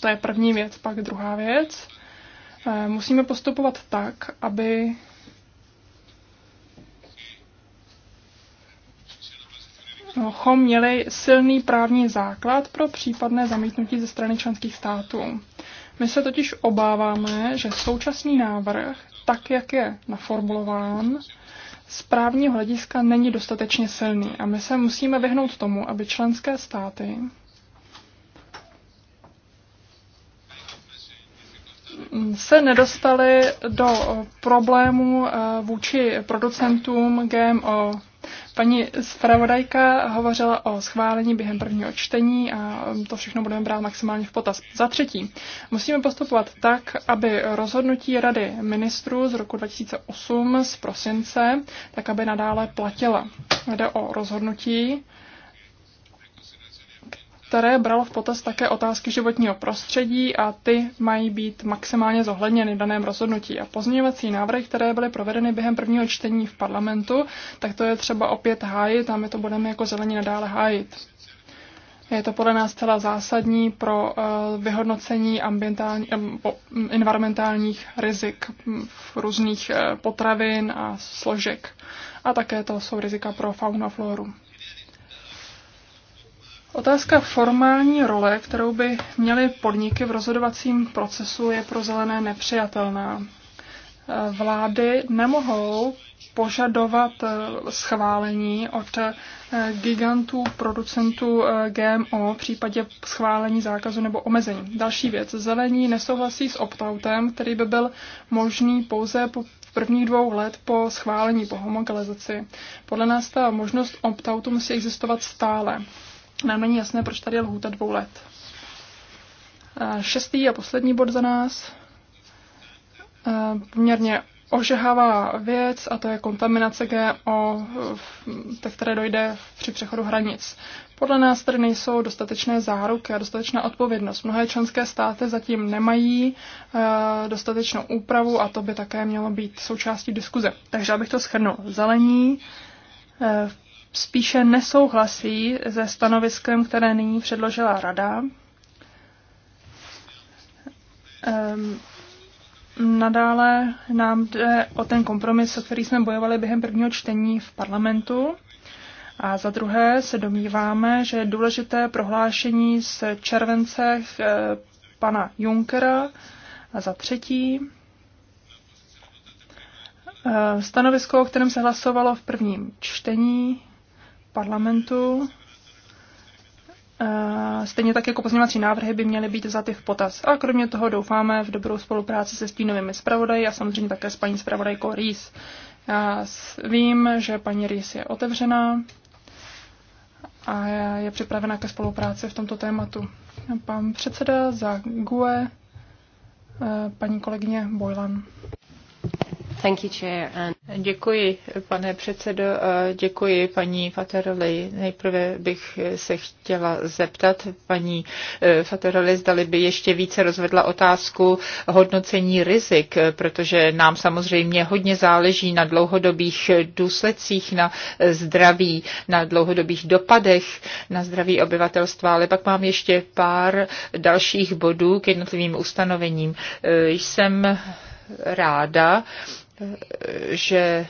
To je první věc. Pak druhá věc. Musíme postupovat tak, aby měli silný právní základ pro případné zamítnutí ze strany členských států. My se totiž obáváme, že současný návrh, tak jak je naformulován, z právního hlediska není dostatečně silný a my se musíme vyhnout tomu, aby členské státy se nedostaly do problémů eh, vůči producentům GMO. Paní zpravodajka hovořila o schválení během prvního čtení a to všechno budeme brát maximálně v potaz. Za třetí, musíme postupovat tak, aby rozhodnutí Rady ministrů z roku 2008 z prosince, tak aby nadále platila. Jde o rozhodnutí, které bralo v potaz také otázky životního prostředí a ty mají být maximálně zohledněny v daném rozhodnutí. A pozměňovací návrhy, které byly provedeny během prvního čtení v parlamentu, tak to je třeba opět hájit a my to budeme jako zelení nadále hájit. Je to podle nás celá zásadní pro eh, vyhodnocení ambientální, mm, environmentálních rizik v různých eh, potravin a složek. A také to jsou rizika pro faunu a floru. Otázka formální role, kterou by měly podniky v rozhodovacím procesu, je pro zelené nepřijatelná. Vlády nemohou požadovat eh, schválení od eh, gigantů, producentů eh, GMO v případě schválení zákazu nebo omezení. Další věc. Zelení nesouhlasí s optoutem, který by byl možný pouze po prvních dvou let po schválení, po homogelizaci. Podle nás ta možnost optoutu musí existovat stále. Nám není jasné, proč tady je lhůta dvou let. Šestý a poslední bod za nás. E, poměrně ožehavá věc a to je kontaminace GMO, te, které dojde při přechodu hranic. Podle nás tady nejsou dostatečné záruky a dostatečná odpovědnost. Mnohé členské státy zatím nemají e, dostatečnou úpravu a to by také mělo být součástí diskuze. Takže abych to schrnul. Zelení v e, spíše nesouhlasí se stanoviskem, které nyní předložila Rada. Ehm, nadále nám jde o ten kompromis, o který jsme bojovali během prvního čtení v parlamentu. A za druhé se domníváme, že je důležité prohlášení z července eh, pana Junckera. A za třetí eh, stanovisko, o kterém se hlasovalo v prvním čtení, parlamentu, eh, stejně tak jako pozměňovací návrhy by měly být vzaty v potaz. A kromě toho doufáme v dobrou spolupráci se stínovými zpravodaji a samozřejmě také s paní zpravodajkou Rýs. Já vím, že paní Rýs je otevřená a je připravena ke spolupráci v tomto tématu. Pan předseda za GUE, eh, paní kolegyně Bojlan. Děkuji, pane předsedo, a děkuji paní Fateroli. Nejprve bych se chtěla zeptat paní e, Fateroli, zdali by ještě více rozvedla otázku hodnocení rizik, protože nám samozřejmě hodně záleží na dlouhodobých důsledcích, na e, zdraví, na dlouhodobých dopadech na zdraví obyvatelstva, ale pak mám ještě pár dalších bodů k jednotlivým ustanovením. E, jsem ráda, že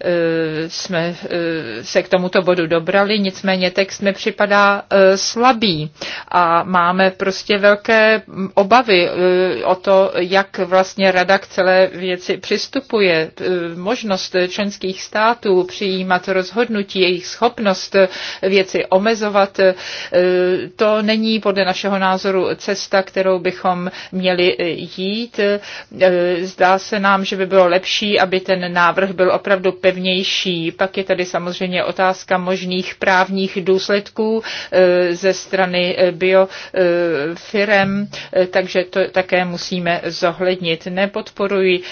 Eh, jsme eh, se k tomuto bodu dobrali, nicméně text mi připadá eh, slabý a máme prostě velké mm, obavy o to, jak vlastně rada k celé věci přistupuje. Možnost členských států přijímat rozhodnutí, jejich schopnost věci omezovat, to není podle našeho názoru cesta, kterou bychom měli jít. Zdá se nám, že by bylo lepší, aby ten návrh byl opravdu pevnější. Pak je tady samozřejmě otázka možných právních důsledků eh, ze strany eh, biofirem, eh, takže to také musíme zohlednit. Nepodporuji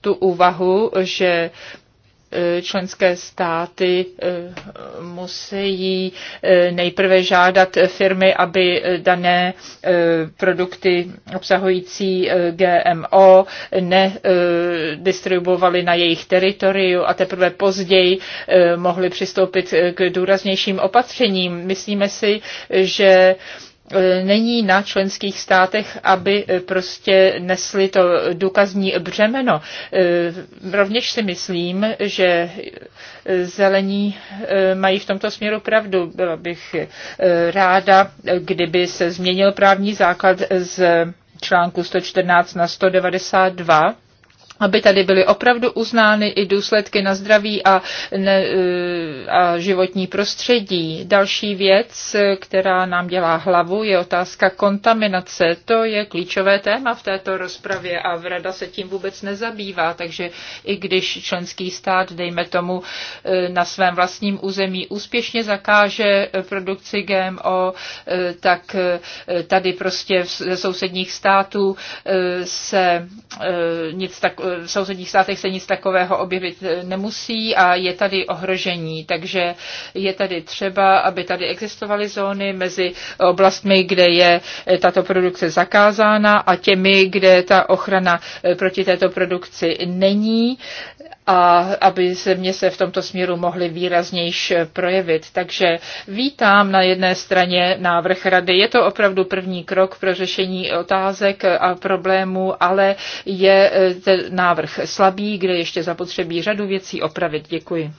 tu úvahu, že členské státy eh, musí eh, nejprve žádat firmy, aby eh, dané produkty obsahující GMO nedistribuovaly na jejich teritoriu a teprve později mohly přistoupit k důraznějším opatřením. Myslíme si, že E, není na členských státech, aby e, prostě nesli to důkazní břemeno. E, rovněž si myslím, že zelení mají v tomto směru pravdu. Byla bych ráda, kdyby se změnil právní základ z článku 114 na 192 aby tady byly opravdu uznány i důsledky na zdraví a, ne, e, a životní prostředí. Další věc, která nám dělá hlavu, je otázka kontaminace. To je klíčové téma v této rozpravě a v Rada se tím vůbec nezabývá, takže i když členský stát, dejme tomu, e, na svém vlastním území úspěšně zakáže produkci GMO, e, tak tady prostě ze sousedních států se nic tak, v sousedních státech se nic takového objevit nemusí a je tady ohrožení. Takže je tady třeba, aby tady existovaly zóny mezi oblastmi, kde je tato produkce zakázána a těmi, kde ta ochrana proti této produkci není a aby země se v tomto směru mohly výraznější projevit. Takže vítám na jedné straně návrh rady. Je to opravdu první krok pro řešení otázek a problémů, ale je eh, ten návrh slabý, kde ještě zapotřebí řadu věcí opravit. Děkuji.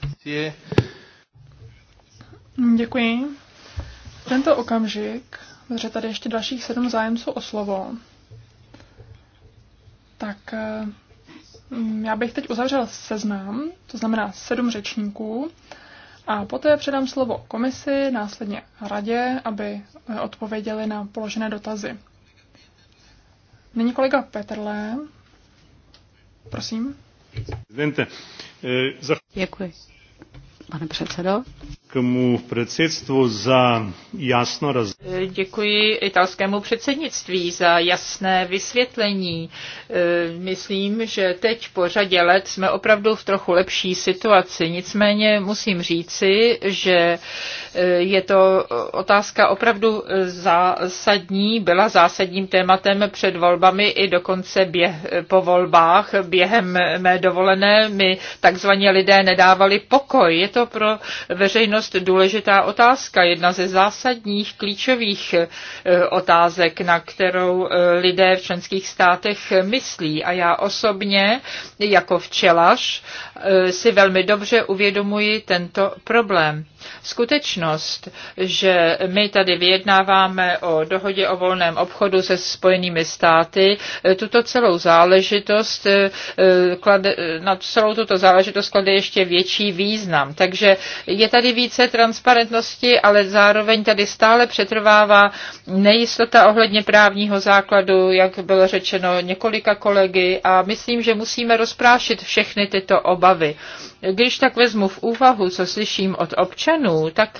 Děkuji. V tento okamžik, že tady ještě dalších sedm zájemců o slovo, tak eh, Mm, já bych teď uzavřel seznam, to znamená sedm řečníků, a poté předám slovo komisi, následně radě, aby eh, odpověděli na položené dotazy. Nyní kolega Petrle. Prosím. Eh, Děkuji pane předsedo. Komu předsednictvu za jasno roz... Děkuji italskému předsednictví za jasné vysvětlení. E, myslím, že teď po řadě let jsme opravdu v trochu lepší situaci. Nicméně musím říci, že e, je to otázka opravdu zásadní, byla zásadním tématem před volbami i dokonce běh, po volbách. Během mé dovolené mi takzvaně lidé nedávali pokoj. Je to pro veřejnost důležitá otázka, jedna ze zásadních klíčových eh, otázek, na kterou eh, lidé v členských státech myslí. A já osobně jako včelař eh, si velmi dobře uvědomuji tento problém. Skutečnost, že my tady vyjednáváme o dohodě o volném obchodu se Spojenými státy, tuto celou záležitost, na celou tuto záležitost klade ještě větší význam. Takže je tady více transparentnosti, ale zároveň tady stále přetrvává nejistota ohledně právního základu, jak bylo řečeno několika kolegy a myslím, že musíme rozprášit všechny tyto obavy. Když tak vezmu v úvahu, co slyším od občanů, tak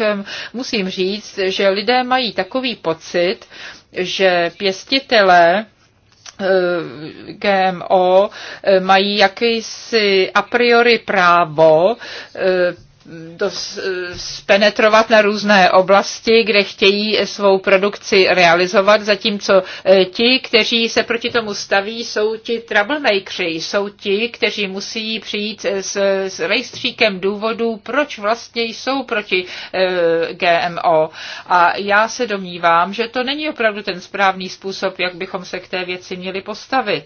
musím říct, že lidé mají takový pocit, že pěstitelé e, GMO e, mají jakýsi a priori právo e, spenetrovat na různé oblasti, kde chtějí svou produkci realizovat, zatímco eh, ti, kteří se proti tomu staví, jsou ti troublemakeri, jsou ti, kteří musí přijít eh, s, s rejstříkem důvodů, proč vlastně jsou proti e, eh, GMO. A já se domnívám, že to není opravdu ten správný způsob, jak bychom se k té věci měli postavit.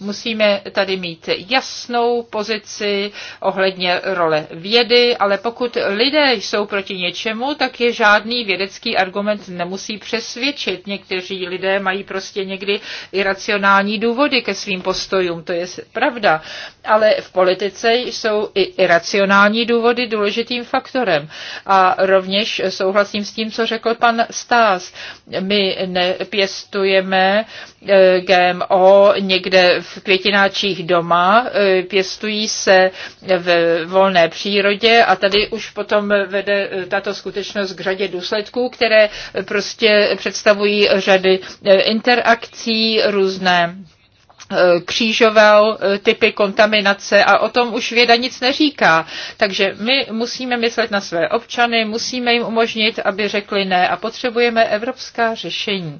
Musíme tady mít jasnou pozici ohledně role vědy, ale pokud lidé jsou proti něčemu, tak je žádný vědecký argument nemusí přesvědčit. Někteří lidé mají prostě někdy iracionální důvody ke svým postojům, to je pravda. Ale v politice jsou i iracionální důvody důležitým faktorem. A rovněž souhlasím s tím, co řekl pan Stás. My nepěstujeme eh, GMO někde v v květináčích doma, e, pěstují se v volné přírodě a tady už potom vede e, tato skutečnost k řadě důsledků, které prostě představují řady e, interakcí, různé křížoval typy kontaminace a o tom už věda nic neříká. Takže my musíme myslet na své občany, musíme jim umožnit, aby řekli ne a potřebujeme evropská řešení.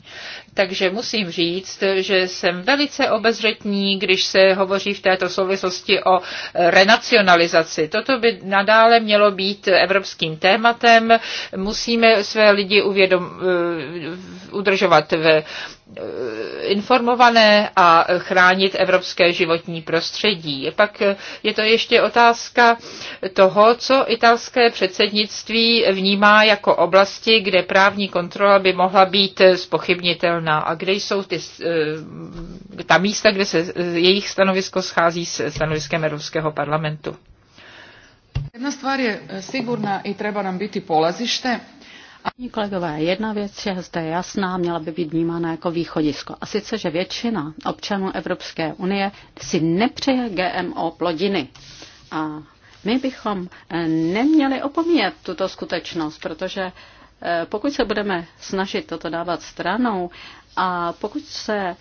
Takže musím říct, že jsem velice obezřetní, když se hovoří v této souvislosti o e, renacionalizaci. Toto by nadále mělo být evropským tématem. Musíme své lidi uvědom, e, udržovat ve e, informované a chránit evropské životní prostředí. Pak je to ještě otázka toho, co italské předsednictví vnímá jako oblasti, kde právní kontrola by mohla být spochybnitelná jedná a kde jsou ty, eh, ta místa, kde se eh, jejich stanovisko schází s stanoviskem Evropského parlamentu. Jedna stvar je eh, sigurná i treba nám být polazište. Kolegové, jedna věc je zde jasná, měla by být vnímána jako východisko. A sice, že většina občanů Evropské unie si nepřeje GMO plodiny. A my bychom neměli opomíjet tuto skutečnost, protože pokud se budeme snažit toto dávat stranou, a pokud se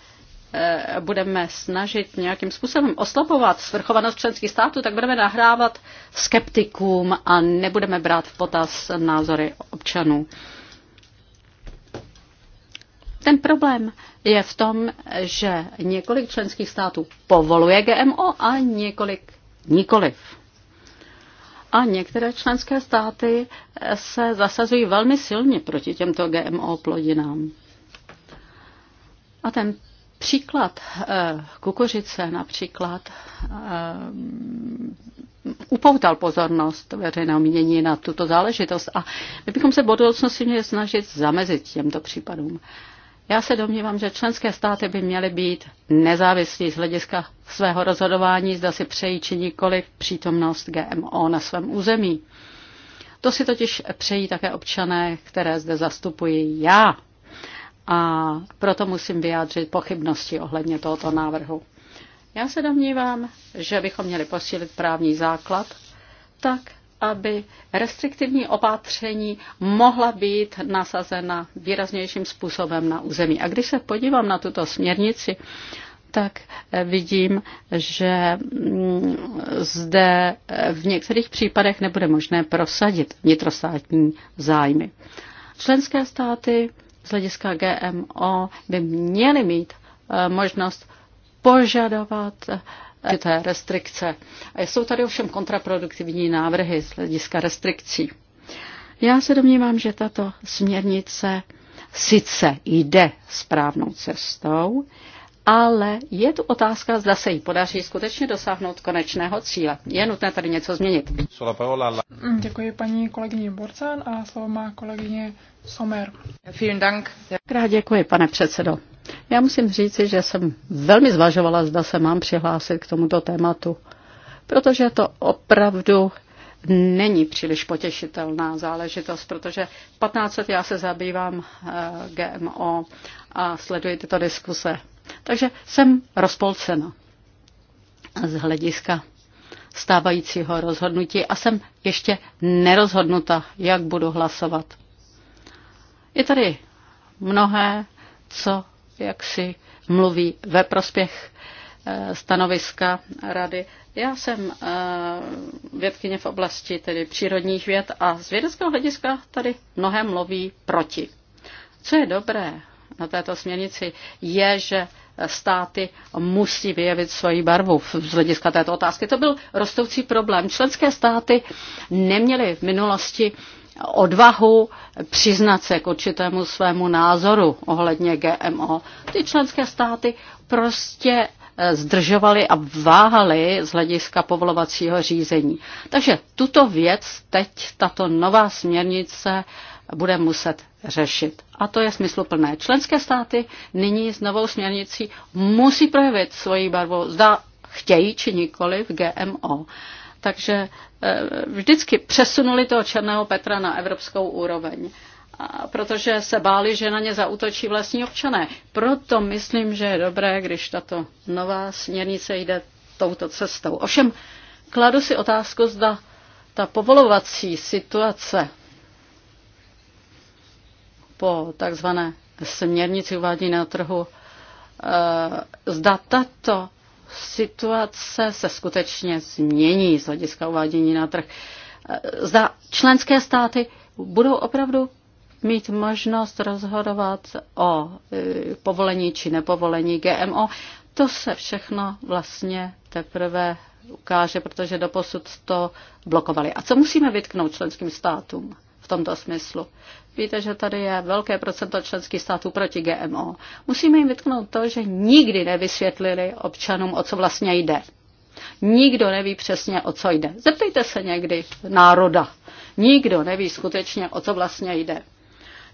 e, budeme snažit nějakým způsobem oslabovat svrchovanost členských států, tak budeme nahrávat skeptikům a nebudeme brát v potaz názory občanů. Ten problém je v tom, že několik členských států povoluje GMO a několik nikoliv. A některé členské státy se zasazují velmi silně proti těmto GMO plodinám. A ten příklad eh, kukuřice například eh, upoutal pozornost veřejného mínění na tuto záležitost a my bychom se v budoucnosti měli snažit zamezit těmto případům. Já se domnívám, že členské státy by měly být nezávislí z hlediska svého rozhodování, zda si přejí či nikoli přítomnost GMO na svém území. To si totiž přejí také občané, které zde zastupuji já a proto musím vyjádřit pochybnosti ohledně tohoto návrhu. Já se domnívám, že bychom měli posílit právní základ tak, aby restriktivní opatření mohla být nasazena výraznějším způsobem na území. A když se podívám na tuto směrnici, tak vidím, že mm, zde v některých případech nebude možné prosadit vnitrostátní zájmy. Členské státy z hlediska GMO by měly mít eh, možnost požadovat eh, té restrikce. A jsou tady ovšem kontraproduktivní návrhy z hlediska restrikcí. Já se domnívám, že tato směrnice sice jde správnou cestou, ale je tu otázka, zda se jí podaří skutečně dosáhnout konečného cíle. Je nutné tady něco změnit. Mm, děkuji paní kolegyni Borcán a slovo má kolegyně Somer. Krát děkuji, pane předsedo. Já musím říci, že jsem velmi zvažovala, zda se mám přihlásit k tomuto tématu, protože to opravdu není příliš potěšitelná záležitost, protože 15 let já se zabývám eh, GMO a sleduji tyto diskuse takže jsem rozpolcena z hlediska stávajícího rozhodnutí a jsem ještě nerozhodnuta, jak budu hlasovat. Je tady mnohé, co jak si mluví ve prospěch eh, stanoviska rady. Já jsem eh, vědkyně v oblasti tedy přírodních věd a z vědeckého hlediska tady mnohé mluví proti. Co je dobré na této směrnici je, že státy musí vyjevit svoji barvu z hlediska této otázky. To byl rostoucí problém. Členské státy neměly v minulosti odvahu přiznat se k určitému svému názoru ohledně GMO. Ty členské státy prostě eh, zdržovaly a váhaly z hlediska povolovacího řízení. Takže tuto věc teď tato nová směrnice bude muset řešit. A to je smysluplné. Členské státy nyní s novou směrnicí musí projevit svoji barvu, zda chtějí či nikoli v GMO. Takže e, vždycky přesunuli toho černého Petra na evropskou úroveň protože se báli, že na ně zautočí vlastní občané. Proto myslím, že je dobré, když tato nová směrnice jde touto cestou. Ovšem, kladu si otázku, zda ta povolovací situace po takzvané směrnici uvádí na trhu, eh, zda tato situace se skutečně změní z hlediska uvádění na trh. Eh, zda členské státy budou opravdu mít možnost rozhodovat o eh, povolení či nepovolení GMO. To se všechno vlastně teprve ukáže, protože doposud to blokovali. A co musíme vytknout členským státům? v tomto smyslu. Víte, že tady je velké procento členských států proti GMO. Musíme jim vytknout to, že nikdy nevysvětlili občanům, o co vlastně jde. Nikdo neví přesně, o co jde. Zeptejte se někdy národa. Nikdo neví skutečně, o co vlastně jde.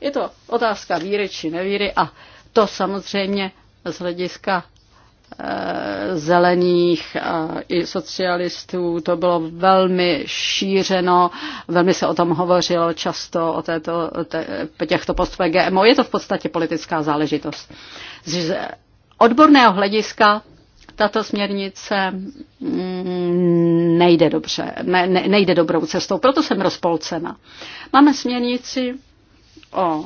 Je to otázka víry či nevíry a to samozřejmě z hlediska Eh, zelených a eh, i socialistů. To bylo velmi šířeno, velmi se o tom hovořilo často, o této, těchto postupech GMO. Je to v podstatě politická záležitost. Z odborného hlediska tato směrnice mm, nejde dobře, ne, ne, nejde dobrou cestou, proto jsem rozpolcena. Máme směrnici o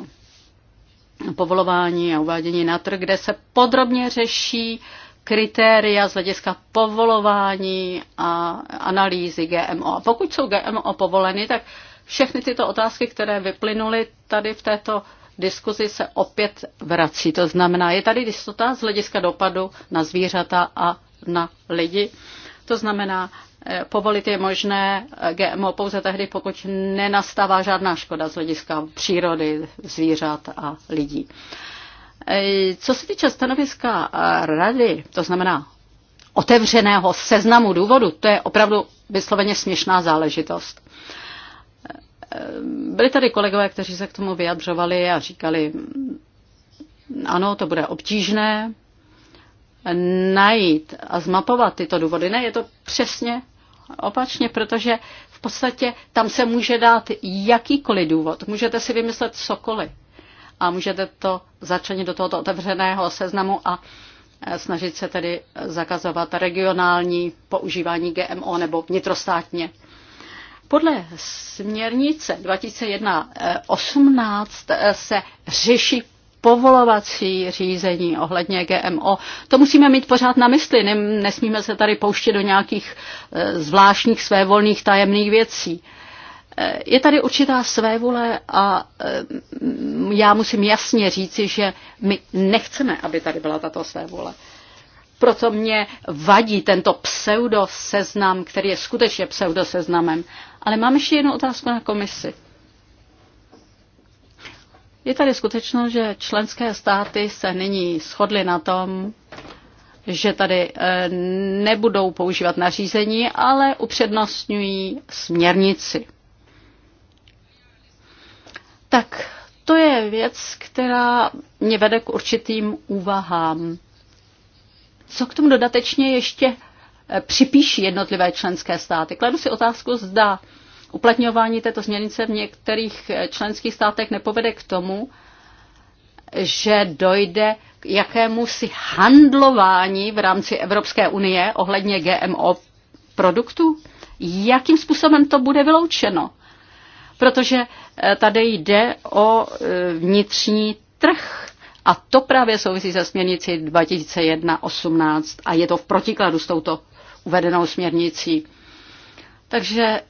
povolování a uvádění na trh, kde se podrobně řeší uh, kritéria z hlediska povolování a analýzy GMO. A pokud jsou GMO povoleny, tak všechny tyto otázky, které vyplynuly tady v této diskuzi, se opět vrací. To znamená, je tady jistota z hlediska dopadu na zvířata a na lidi. To znamená, eh, povolit je možné eh, GMO pouze tehdy, pokud nenastává žádná škoda z hlediska přírody, zvířat a lidí. Eh, co se týče stanoviska eh, rady, to znamená otevřeného seznamu důvodu, to je opravdu vysloveně směšná záležitost. Eh, byli tady kolegové, kteří se k tomu vyjadřovali a říkali, mm, ano, to bude obtížné najít a zmapovat tyto důvody. Ne, je to přesně opačně, protože v podstatě tam se může dát jakýkoliv důvod. Můžete si vymyslet cokoliv a můžete to začlenit do tohoto otevřeného seznamu a e, snažit se tedy zakazovat regionální používání GMO nebo vnitrostátně. Podle směrnice 2001-18 e, se řeší povolovací řízení ohledně GMO. To musíme mít pořád na mysli, nesmíme se tady pouštět do nějakých e, zvláštních svévolných tajemných věcí. Eh, je tady určitá svévole a eh, já musím jasně říci, že my nechceme, aby tady byla tato svévole. Proto mě vadí tento pseudo seznam, který je skutečně pseudo seznamem. Ale mám ještě jednu otázku na komisi. Je tady skutečno, že členské státy se nyní shodly na tom, že tady eh, nebudou používat nařízení, ale upřednostňují směrnici tak to je věc, která mě vede k určitým úvahám. Co k tomu dodatečně ještě eh, připíší jednotlivé členské státy? Kladu si otázku, zda uplatňování této změnice v některých eh, členských státech nepovede k tomu, že dojde k jakémusi handlování v rámci Evropské unie ohledně GMO produktů? Jakým způsobem to bude vyloučeno? protože eh, tady jde o eh, vnitřní trh. A to právě souvisí se směrnici 2001-18 a je to v protikladu s touto uvedenou směrnicí. Takže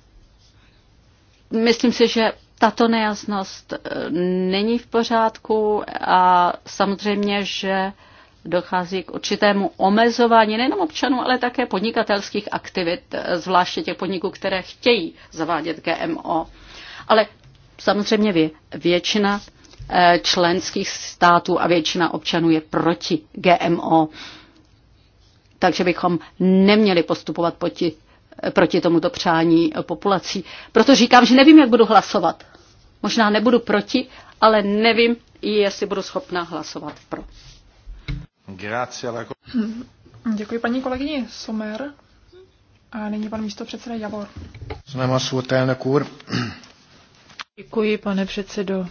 myslím si, že tato nejasnost eh, není v pořádku a samozřejmě, že dochází k určitému omezování nejenom občanů, ale také podnikatelských aktivit, zvláště těch podniků, které chtějí zavádět GMO. Ale samozřejmě vy, většina eh, členských států a většina občanů je proti GMO. Takže bychom neměli postupovat proti, eh, proti tomuto přání eh, populací. Proto říkám, že nevím, jak budu hlasovat. Možná nebudu proti, ale nevím, jestli budu schopná hlasovat pro. Hmm. Děkuji paní kolegyni Somer. A nyní pan místo předseda Javor. Znám kur. Děkuji, pane předsedo.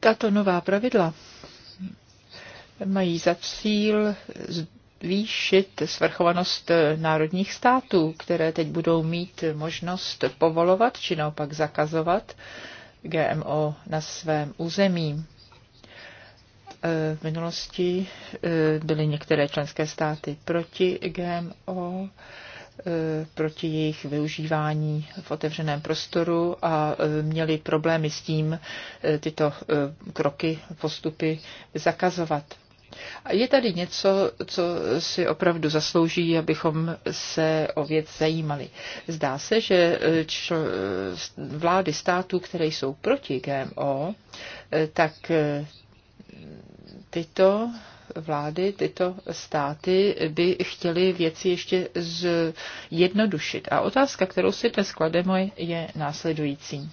Tato nová pravidla mají za cíl zvýšit svrchovanost národních států, které teď budou mít možnost povolovat či naopak zakazovat GMO na svém území. E, v minulosti e, byly některé členské státy proti GMO Eh, proti jejich využívání v otevřeném prostoru a eh, měli problémy s tím eh, tyto kroky, postupy zakazovat. Je tady něco, co si opravdu zaslouží, abychom se o věc zajímali. Zdá se, že čl... vlády států, které jsou proti GMO, tak tyto vlády, tyto státy by chtěly věci ještě zjednodušit. A otázka, kterou si dnes klademe, je následující.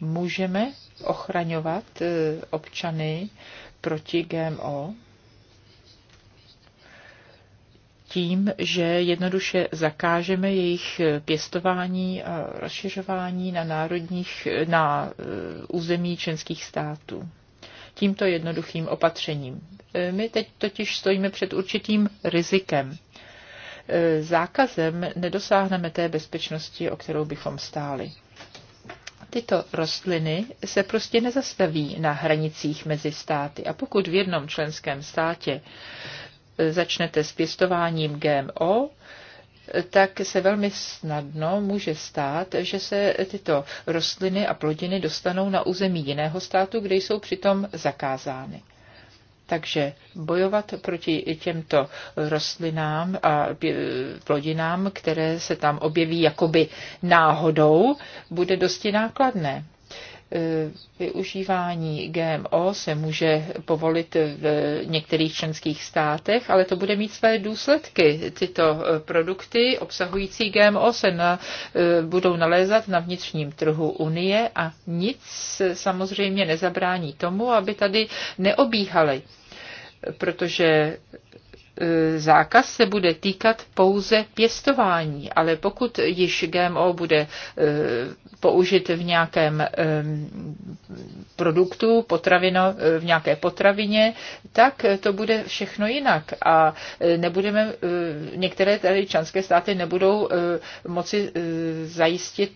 Můžeme ochraňovat eh, občany proti GMO tím, že jednoduše zakážeme jejich pěstování a rozšiřování na národních, na eh, území členských států tímto jednoduchým opatřením. E, my teď totiž stojíme před určitým rizikem. E, zákazem nedosáhneme té bezpečnosti, o kterou bychom stáli. Tyto rostliny se prostě nezastaví na hranicích mezi státy a pokud v jednom členském státě e, začnete s pěstováním GMO, tak se velmi snadno může stát, že se tyto rostliny a plodiny dostanou na území jiného státu, kde jsou přitom zakázány. Takže bojovat proti těmto rostlinám a plodinám, které se tam objeví jakoby náhodou, bude dosti nákladné. E, využívání GMO se může povolit v některých členských státech, ale to bude mít své důsledky. Tyto e, produkty obsahující GMO se na, e, budou nalézat na vnitřním trhu Unie a nic samozřejmě nezabrání tomu, aby tady neobíhaly, protože E, zákaz se bude týkat pouze pěstování, ale pokud již GMO bude e, použit v nějakém e, produktu, potravino, v nějaké potravině, tak to bude všechno jinak a nebudeme, některé tady členské státy nebudou moci zajistit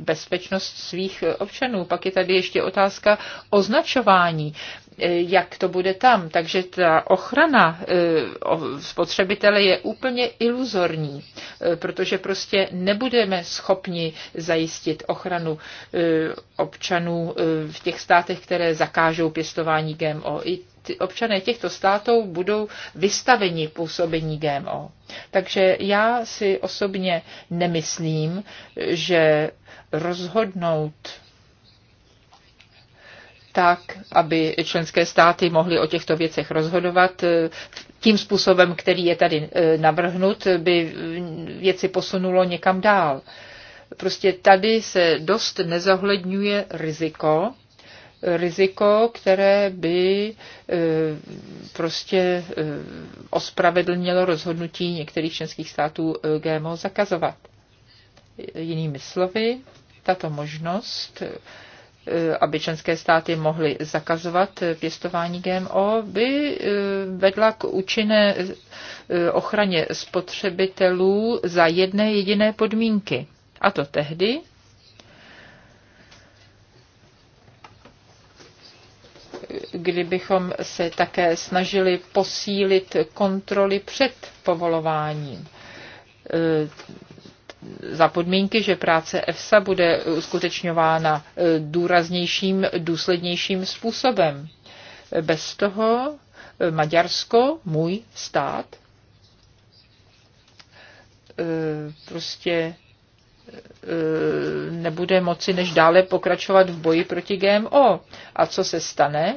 bezpečnost svých občanů. Pak je tady ještě otázka označování. Eh, jak to bude tam. Takže ta ochrana eh, spotřebitele je úplně iluzorní, eh, protože prostě nebudeme schopni zajistit ochranu občanů v těch státech, které zakážou pěstování GMO. I občané těchto států budou vystaveni působení GMO. Takže já si osobně nemyslím, že rozhodnout tak, aby členské státy mohly o těchto věcech rozhodovat. Tím způsobem, který je tady e, navrhnut, by věci posunulo někam dál. Prostě tady se dost nezohledňuje riziko, riziko, které by e, prostě e, ospravedlnilo rozhodnutí některých členských států GMO zakazovat. Jinými slovy, tato možnost Eh, aby členské státy mohly zakazovat pěstování GMO, by eh, vedla k účinné eh, ochraně spotřebitelů za jedné jediné podmínky. A to tehdy, kdybychom se také snažili posílit kontroly před povolováním za podmínky, že práce EFSA bude uskutečňována eh, důraznějším, důslednějším způsobem. Bez toho eh, Maďarsko, můj stát, eh, prostě nebude moci než dále pokračovat v boji proti GMO. A co se stane?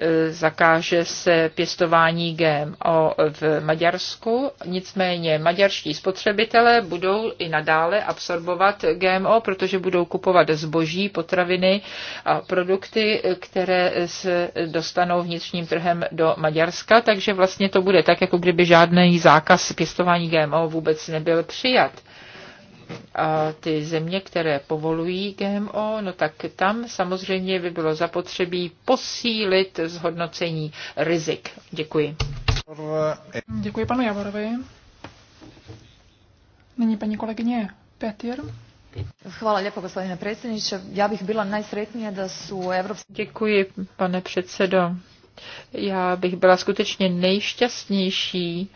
E, zakáže se pěstování GMO v Maďarsku, nicméně maďarští spotřebitelé budou i nadále absorbovat GMO, protože budou kupovat zboží, potraviny a produkty, které se dostanou vnitřním trhem do Maďarska, takže vlastně to bude tak, jako kdyby žádný zákaz pěstování GMO vůbec nebyl přijat a ty země, které povolují GMO, no tak tam samozřejmě by bylo zapotřebí posílit zhodnocení rizik. Děkuji. Děkuji panu Javorovi. Nyní paní kolegyně Petr. Hvala lepo, gospodine predsjedniče. Ja bych byla najsretnija da su evropski... Děkuji, pane předsedo. Já bych byla skutečně nejšťastnější,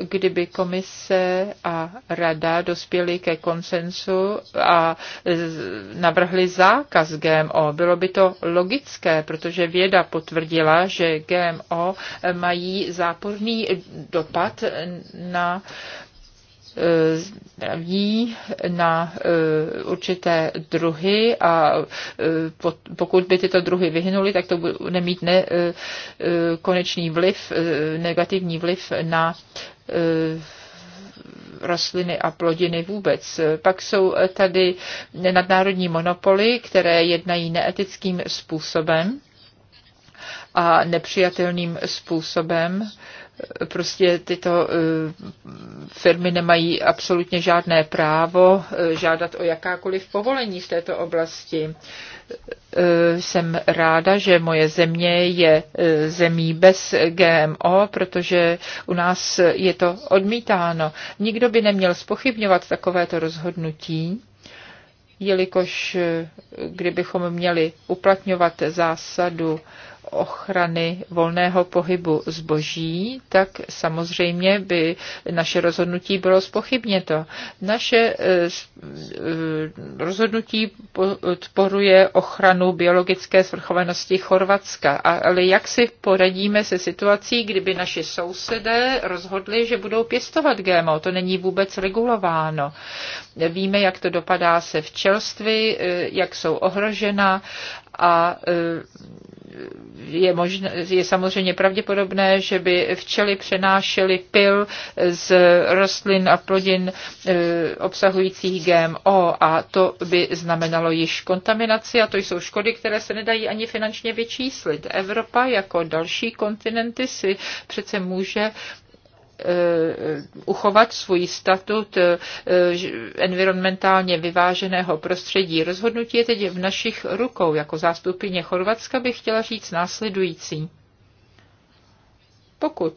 kdyby komise a rada dospěly ke konsensu a navrhli zákaz GMO. Bylo by to logické, protože věda potvrdila, že GMO mají záporný dopad na zdraví na e, určité druhy a e, pokud by tyto druhy vyhnuly, tak to bude mít ne, e, konečný vliv, negativní vliv na rostliny a plodiny vůbec. Pak jsou tady nadnárodní monopoly, které jednají neetickým způsobem a nepřijatelným způsobem prostě tyto eh, firmy nemají absolutně žádné právo eh, žádat o jakákoliv povolení v této oblasti. Eh, jsem ráda, že moje země je zemí bez GMO, protože u nás je to odmítáno. Nikdo by neměl spochybňovat takovéto rozhodnutí jelikož kdybychom měli uplatňovat zásadu ochrany volného pohybu zboží, tak samozřejmě by naše rozhodnutí bylo spochybněto. Naše eh, eh, rozhodnutí podporuje ochranu biologické svrchovanosti Chorvatska, ale jak si poradíme se situací, kdyby naši sousedé rozhodli, že budou pěstovat GMO? To není vůbec regulováno. Víme, jak to dopadá se včelství, eh, jak jsou ohrožena a je, možné, je samozřejmě pravděpodobné, že by včely přenášely pil z rostlin a plodin e, obsahujících GMO a to by znamenalo již kontaminaci a to jsou škody, které se nedají ani finančně vyčíslit. Evropa jako další kontinenty si přece může Eh, uchovat svůj statut eh, environmentálně vyváženého prostředí. Rozhodnutí je teď v našich rukou. Jako zástupině Chorvatska bych chtěla říct následující. Pokud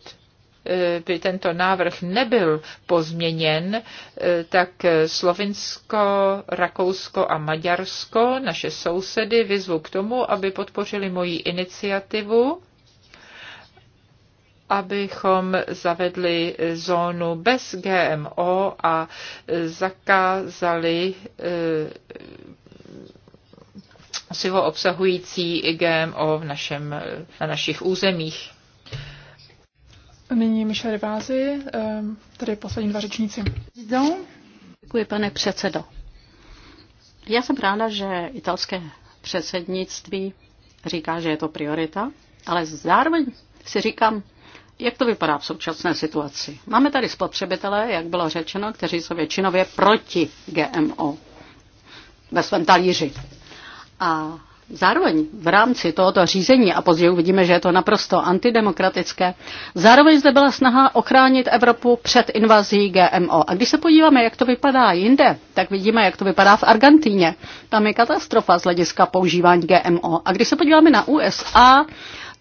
eh, by tento návrh nebyl pozměněn, tak Slovinsko, Rakousko a Maďarsko, naše sousedy, vyzvu k tomu, aby podpořili moji iniciativu abychom zavedli zónu bez GMO a zakázali eh, sivo obsahující GMO v našem, na našich územích. Nyní Michel tady eh, tedy poslední dva řečníci. Děkuji, pane předsedo. Já jsem ráda, že italské předsednictví říká, že je to priorita, ale zároveň si říkám, jak to vypadá v současné situaci? Máme tady spotřebitele, jak bylo řečeno, kteří jsou většinově proti GMO ve svém talíři. A zároveň v rámci tohoto řízení, a později uvidíme, že je to naprosto antidemokratické, zároveň zde byla snaha ochránit Evropu před invazí GMO. A když se podíváme, jak to vypadá jinde, tak vidíme, jak to vypadá v Argentíně. Tam je katastrofa z hlediska používání GMO. A když se podíváme na USA,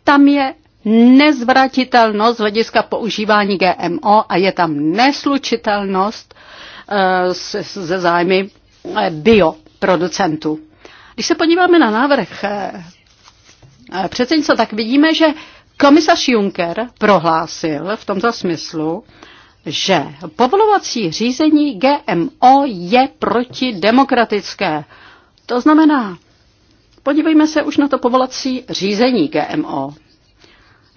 tam je nezvratitelnost z hlediska používání GMO a je tam neslučitelnost eh, ze zájmy eh, bioproducentů. Když se podíváme na návrh eh, předsednictva, tak vidíme, že komisař Juncker prohlásil v tomto smyslu, že povolovací řízení GMO je protidemokratické. To znamená, podívejme se už na to povolací řízení GMO.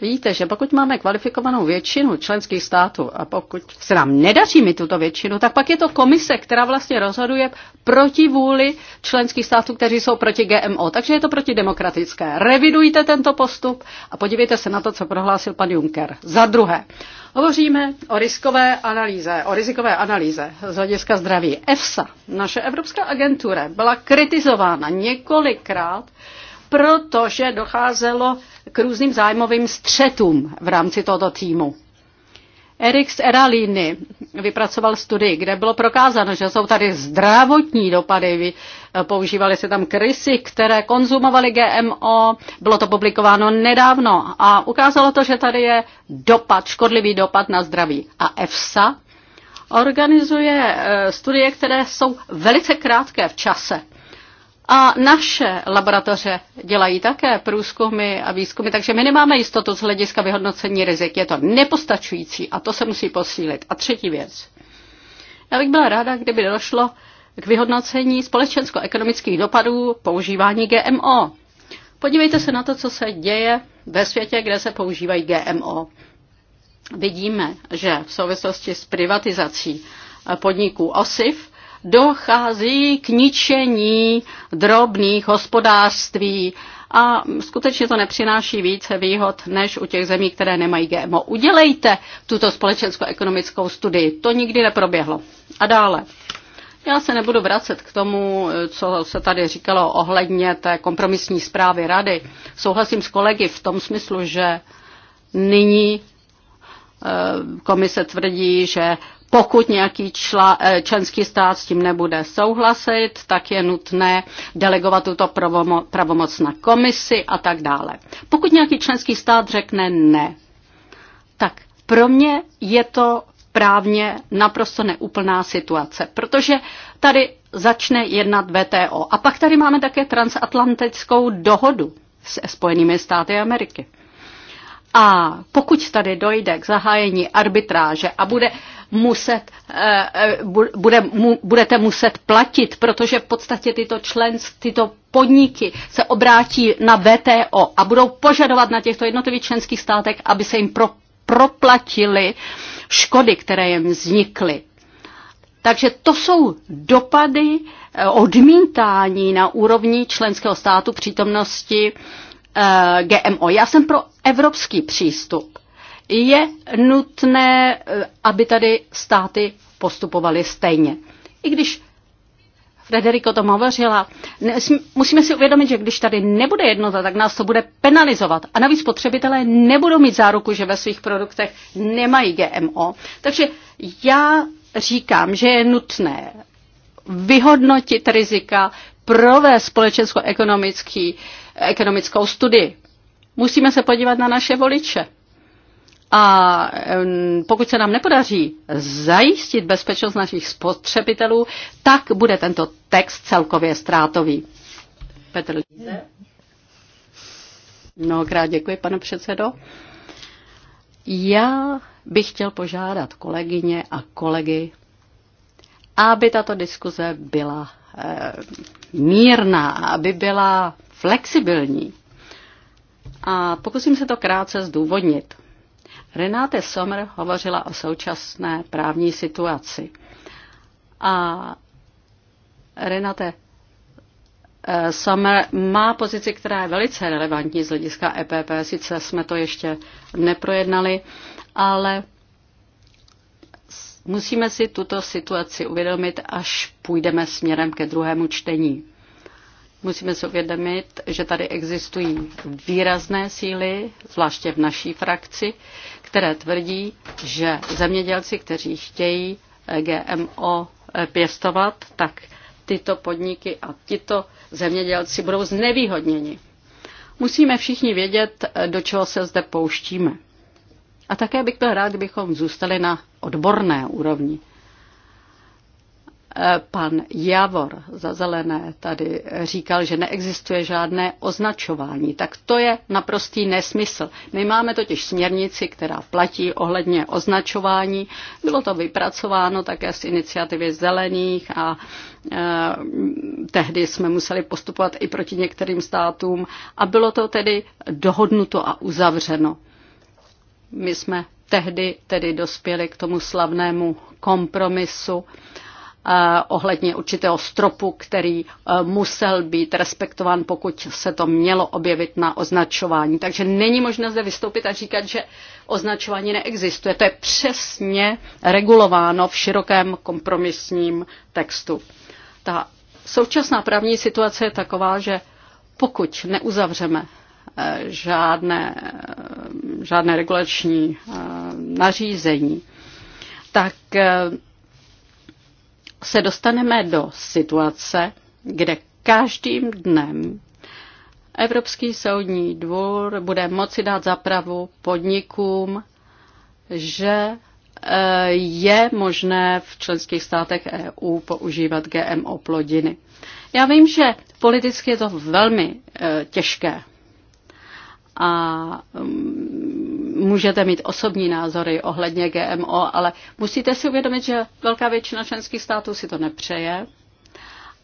Víte, že pokud máme kvalifikovanou většinu členských států a pokud se nám nedaří mi tuto většinu, tak pak je to komise, která vlastně rozhoduje proti vůli členských států, kteří jsou proti GMO. Takže je to protidemokratické. Revidujte tento postup a podívejte se na to, co prohlásil pan Juncker. Za druhé, hovoříme o riskové analýze, o rizikové analýze z hlediska zdraví. EFSA, naše Evropská agentura, byla kritizována několikrát protože docházelo k různým zájmovým střetům v rámci tohoto týmu. Erik z Eraliny vypracoval studii, kde bylo prokázáno, že jsou tady zdravotní dopady. Eh, používali se tam krysy, které konzumovaly GMO. Bylo to publikováno nedávno a ukázalo to, že tady je dopad, škodlivý dopad na zdraví. A EFSA organizuje eh, studie, které jsou velice krátké v čase. A naše laboratoře dělají také průzkumy a výzkumy, takže my nemáme jistotu z hlediska vyhodnocení rizik. Je to nepostačující a to se musí posílit. A třetí věc. Já bych byla ráda, kdyby došlo k vyhodnocení společensko-ekonomických dopadů používání GMO. Podívejte se na to, co se děje ve světě, kde se používají GMO. Vidíme, že v souvislosti s privatizací podniků OSIF dochází k ničení drobných hospodářství a skutečně to nepřináší více výhod než u těch zemí, které nemají GMO. Udělejte tuto společensko-ekonomickou studii. To nikdy neproběhlo. A dále. Já se nebudu vracet k tomu, co se tady říkalo ohledně té kompromisní zprávy rady. Souhlasím s kolegy v tom smyslu, že nyní eh, komise tvrdí, že pokud nějaký čla, eh, členský stát s tím nebude souhlasit, tak je nutné delegovat tuto pravomo, pravomoc na komisi a tak dále. Pokud nějaký členský stát řekne ne, tak pro mě je to právně naprosto neúplná situace, protože tady začne jednat VTO. A pak tady máme také transatlantickou dohodu s Spojenými státy Ameriky. A pokud tady dojde k zahájení arbitráže a bude uh, muset, eh, bude, budete muset platit, protože v podstatě tyto členství, tyto podniky se obrátí na VTO a budou požadovat na těchto jednotlivých členských státech, aby se jim pro, proplatili škody, které jim vznikly. Takže to jsou dopady eh, odmítání na úrovni členského státu přítomnosti eh, GMO. Já jsem pro evropský přístup je nutné, eh, aby tady státy postupovaly stejně. I když Frederiko o tom hovořila, musíme si uvědomit, že když tady nebude jednota, tak nás to bude penalizovat. A navíc spotřebitelé nebudou mít záruku, že ve svých produktech nemají GMO. Takže já říkám, že je nutné vyhodnotit rizika, provést společensko-ekonomickou studii. Musíme se podívat na naše voliče. A pokud se nám nepodaří zajistit bezpečnost našich spotřebitelů, tak bude tento text celkově ztrátový. Petr Líze. Mnohokrát děkuji, pane předsedo. Já bych chtěl požádat kolegyně a kolegy, aby tato diskuze byla e, mírná, aby byla flexibilní. A pokusím se to krátce zdůvodnit. Renáte Sommer hovořila o současné právní situaci. A Renate eh, Sommer má pozici, která je velice relevantní z hlediska EPP. Sice jsme to ještě neprojednali, ale musíme si tuto situaci uvědomit, až půjdeme směrem ke druhému čtení. Musíme si uvědomit, že tady existují výrazné síly, zvláště v naší frakci, které tvrdí, že zemědělci, kteří chtějí GMO pěstovat, tak tyto podniky a tyto zemědělci budou znevýhodněni. Musíme všichni vědět, do čeho se zde pouštíme. A také bych byl rád, kdybychom zůstali na odborné úrovni. Pan Javor za zelené tady říkal, že neexistuje žádné označování. Tak to je naprostý nesmysl. My máme totiž směrnici, která platí ohledně označování. Bylo to vypracováno také z iniciativy zelených a e, tehdy jsme museli postupovat i proti některým státům a bylo to tedy dohodnuto a uzavřeno. My jsme tehdy tedy dospěli k tomu slavnému kompromisu. Eh, ohledně určitého stropu, který eh, musel být respektován, pokud se to mělo objevit na označování. Takže není možné zde vystoupit a říkat, že označování neexistuje. To je přesně regulováno v širokém kompromisním textu. Ta současná právní situace je taková, že pokud neuzavřeme eh, žádné, žádné regulační nařízení, tak se dostaneme do situace, kde každým dnem Evropský soudní dvůr bude moci dát zapravu podnikům, že e, je možné v členských státech EU používat GMO plodiny. Já vím, že politicky je to velmi e, těžké. A mm, můžete mít osobní názory ohledně GMO, ale musíte si uvědomit, že velká většina členských států si to nepřeje.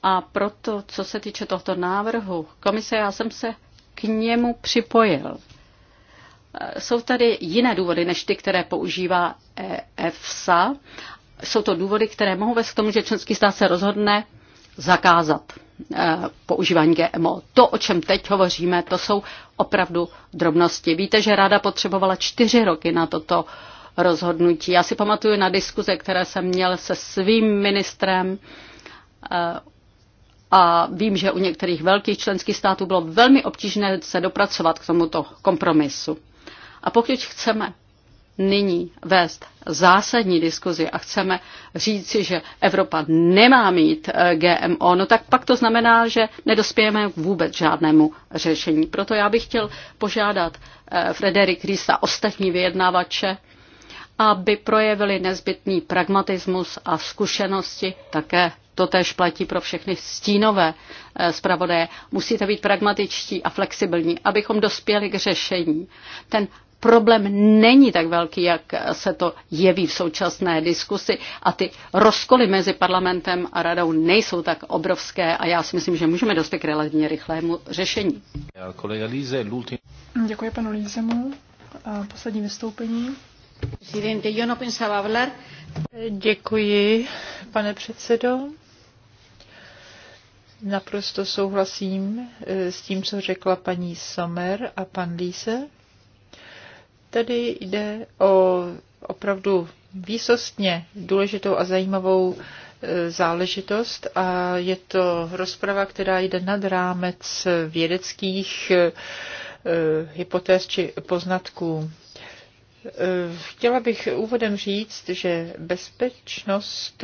A proto, co se týče tohoto návrhu komise, já jsem se k němu připojil. Jsou tady jiné důvody než ty, které používá EFSA. Jsou to důvody, které mohou vést k tomu, že členský stát se rozhodne zakázat eh, používání GMO. To, o čem teď hovoříme, to jsou opravdu drobnosti. Víte, že ráda potřebovala čtyři roky na toto rozhodnutí. Já si pamatuju na diskuze, které jsem měl se svým ministrem eh, a vím, že u některých velkých členských států bylo velmi obtížné se dopracovat k tomuto kompromisu. A pokud chceme nyní vést zásadní diskuzi a chceme říci, že Evropa nemá mít eh, GMO, no tak pak to znamená, že nedospějeme vůbec žádnému řešení. Proto já bych chtěl požádat eh, Frederik Risa, ostatní vyjednavače, aby projevili nezbytný pragmatismus a zkušenosti také to tež platí pro všechny stínové eh, zpravodaje. Musíte být pragmatičtí a flexibilní, abychom dospěli k řešení. Ten problém není tak velký, jak se to jeví v současné diskusi a ty rozkoly mezi parlamentem a radou nejsou tak obrovské a já si myslím, že můžeme dostat k relativně rychlému řešení. Děkuji panu Lízemu. A poslední vystoupení. No Děkuji, pane předsedo. Naprosto souhlasím eh, s tím, co řekla paní Sommer a pan Líze. Tady jde o opravdu výsostně důležitou a zajímavou e, záležitost a je to rozprava, která jde nad rámec vědeckých e, hypotéz či poznatků. E, chtěla bych úvodem říct, že bezpečnost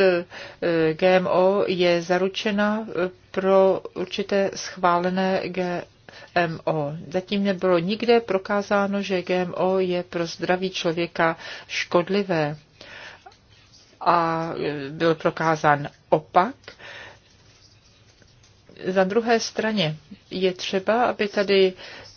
GMO je zaručena pro určité schválené GMO GMO. Zatím nebylo nikde prokázáno, že GMO je pro zdraví člověka škodlivé. A e, byl prokázán opak. Za druhé straně je třeba, aby tady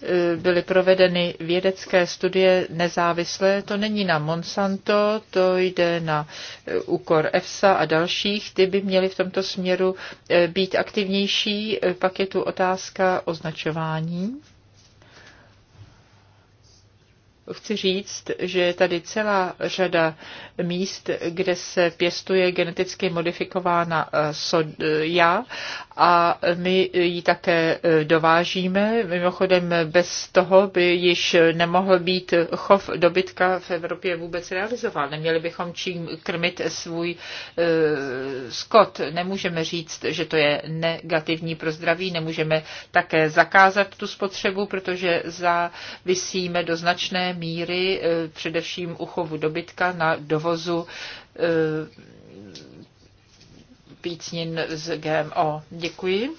E, byly provedeny vědecké studie nezávislé. To není na Monsanto, to jde na e, úkor EFSA a dalších. Ty by měly v tomto směru e, být aktivnější. Pak je tu otázka označování chci říct, že je tady celá řada míst, kde se pěstuje geneticky modifikována eh, soja a my ji také eh, dovážíme. Mimochodem bez toho by již nemohl být chov dobytka v Evropě vůbec realizován. Neměli bychom čím krmit svůj eh, skot. Nemůžeme říct, že to je negativní pro zdraví, nemůžeme také zakázat tu spotřebu, protože závisíme do značné míry eh, především u chovu dobytka na dovozu eh, pícnin z GMO. Děkuji.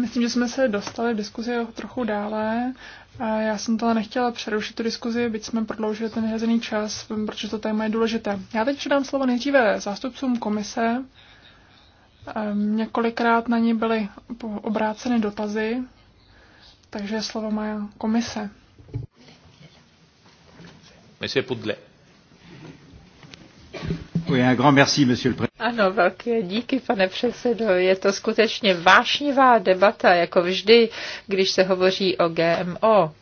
Myslím, že jsme se dostali diskuzi trochu dále. Já jsem to nechtěla přerušit tu diskuzi, byť jsme prodloužili ten hrazený čas, protože to téma je důležité. Já teď předám slovo nejdříve zástupcům komise. Ehm, několikrát na ní byly obráceny dotazy, takže slovo má komise. Monsieur président. Ano, velké díky, pane předsedo. Je to skutečně vášnivá debata, jako vždy, když se hovoří o GMO.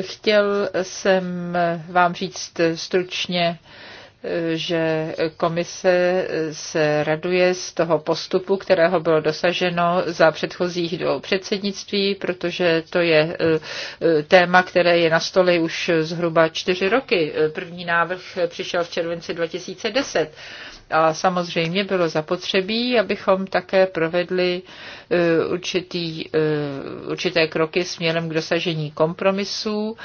Chtěl jsem vám říct stručně, že komise se raduje z toho postupu, kterého bylo dosaženo za předchozích dvou předsednictví, protože to je e, e, téma, které je na stole už zhruba čtyři roky. První návrh přišel v červenci 2010. A samozřejmě bylo zapotřebí, abychom také provedli e, určitý, určité kroky směrem k dosažení kompromisů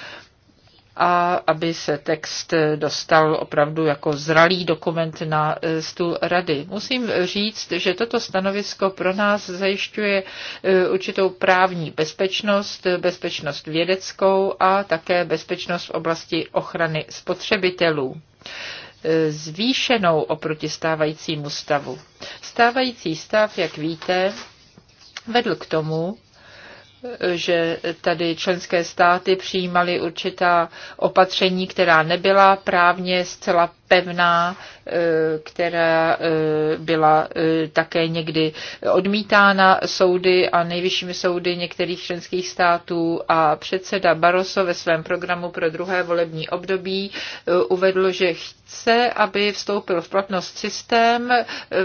a aby se text dostal opravdu jako zralý dokument na stůl rady. Musím říct, že toto stanovisko pro nás zajišťuje eh, určitou právní bezpečnost, bezpečnost vědeckou a také bezpečnost v oblasti ochrany spotřebitelů eh, zvýšenou oproti stávajícímu stavu. Stávající stav, jak víte, vedl k tomu, že tady členské státy přijímaly určitá opatření, která nebyla právně zcela pevná, eh, která eh, byla eh, také někdy odmítána soudy a nejvyššími soudy některých členských států a předseda Barroso ve svém programu pro druhé volební období uvedl, že chce, aby vstoupil v platnost systém,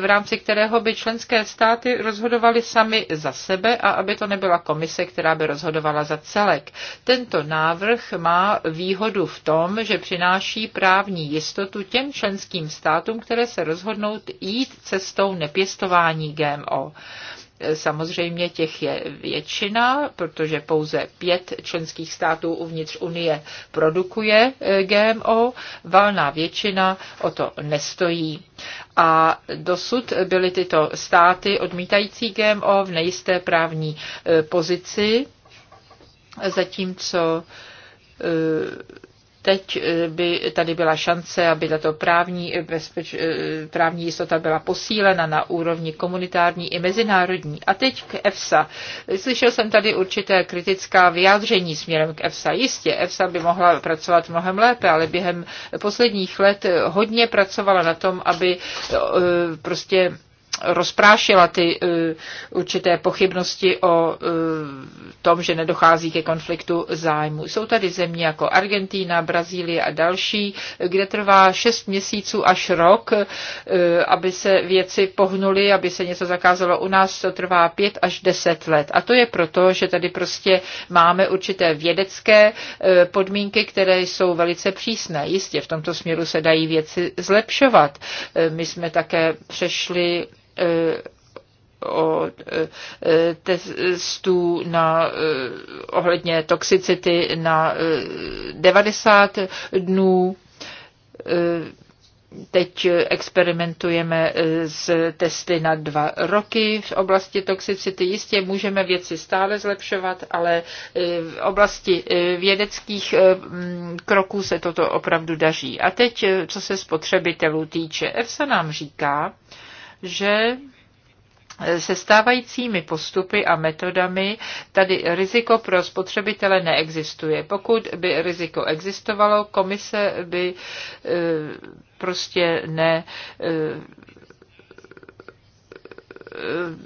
v rámci kterého by členské státy rozhodovaly sami za sebe a aby to nebyla komise, která by rozhodovala za celek. Tento návrh má výhodu v tom, že přináší právní jistotu těm členským státům, které se rozhodnou jít cestou nepěstování GMO. Samozřejmě těch je většina, protože pouze pět členských států uvnitř Unie produkuje eh, GMO. Valná většina o to nestojí. A dosud byly tyto státy odmítající GMO v nejisté právní eh, pozici, zatímco eh, Teď eh, by tady byla šance, aby tato právní, eh, bezpeč, eh, právní jistota byla posílena na úrovni komunitární i mezinárodní. A teď k EFSA. Slyšel jsem tady určité kritická vyjádření směrem k EFSA. Jistě, EFSA by mohla pracovat mnohem lépe, ale během posledních let hodně pracovala na tom, aby prostě rozprášila ty eh, určité pochybnosti o eh, tom, že nedochází ke konfliktu zájmu. Jsou tady země jako Argentína, Brazílie a další, kde trvá šest měsíců až rok, eh, aby se věci pohnuly, aby se něco zakázalo. U nás to trvá pět až deset let. A to je proto, že tady prostě máme určité vědecké podmínky, které jsou velice přísné. Jistě v tomto směru se dají věci zlepšovat. My jsme také přešli o testů na, e, ohledně toxicity na 90 e, dnů. E, teď experimentujeme s testy na dva roky v oblasti toxicity. Jistě můžeme věci stále zlepšovat, ale v oblasti vědeckých kroků se toto opravdu daří. A teď, co se spotřebitelů týče, EFSA nám říká, že eh, se stávajícími postupy a metodami tady riziko pro spotřebitele neexistuje. Pokud by riziko existovalo, komise by eh, prostě ne eh,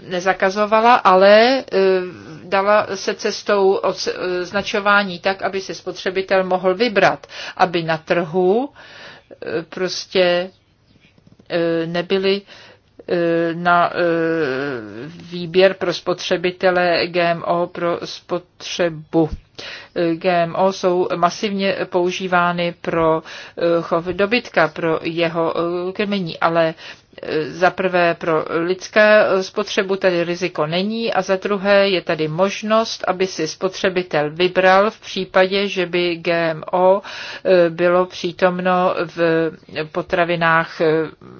nezakazovala, ale dala se cestou označování tak, aby se spotřebitel mohl vybrat, aby na trhu prostě nebyly E, na e, výběr pro spotřebitele GMO pro spotřebu. E, GMO jsou masivně používány pro chov dobytka, pro jeho krmení, ale za prvé pro lidské spotřebu tady riziko není a za druhé je tady možnost, aby si spotřebitel vybral v případě, že by GMO e, bylo přítomno v potravinách e,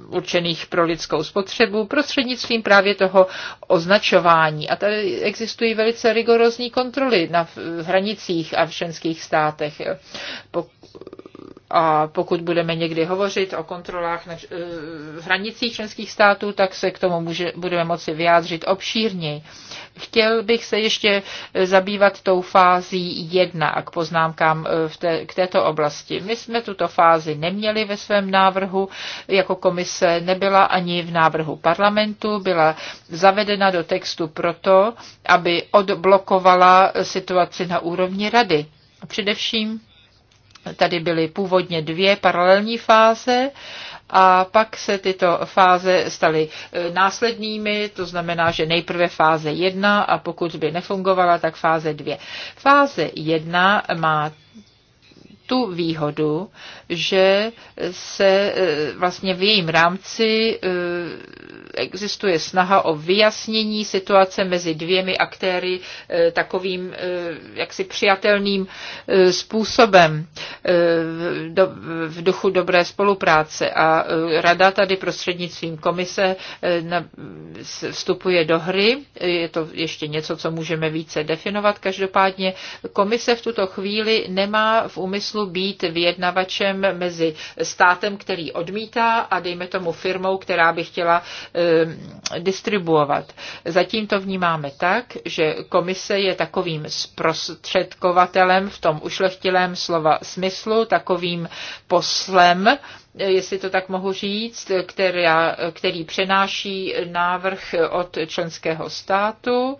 určených pro lidskou spotřebu prostřednictvím právě toho označování. A tady existují velice rigorózní kontroly na hranicích a v členských státech. E, a pokud budeme někdy hovořit o kontrolách na hranicích, evropských členských států, tak se k tomu může, budeme moci vyjádřit obšírněji. Chtěl bych se ještě zabývat tou fází jedna a k poznámkám eh, v té, k této oblasti. My jsme tuto fázi neměli ve svém návrhu, jako komise nebyla ani v návrhu parlamentu, byla zavedena do textu proto, aby odblokovala situaci na úrovni rady. Především tady byly původně dvě paralelní fáze a pak se tyto fáze staly e, následnými, to znamená, že nejprve fáze 1 a pokud by nefungovala, tak fáze 2. Fáze 1 má tu výhodu, že se e, vlastně v jejím rámci e, existuje snaha o vyjasnění situace mezi dvěmi aktéry e, takovým jaksi přijatelným způsobem v duchu dobré spolupráce. A rada tady prostřednictvím komise vstupuje do hry. Je to ještě něco, co můžeme více definovat. Každopádně komise v tuto chvíli nemá v úmyslu smyslu být vyjednavačem mezi státem, který odmítá a dejme tomu firmou, která by chtěla ehm, distribuovat. Zatím to vnímáme tak, že komise je takovým zprostředkovatelem v tom ušlechtilém slova smyslu, takovým poslem, jestli to tak mohu říct, která, který přenáší návrh od členského státu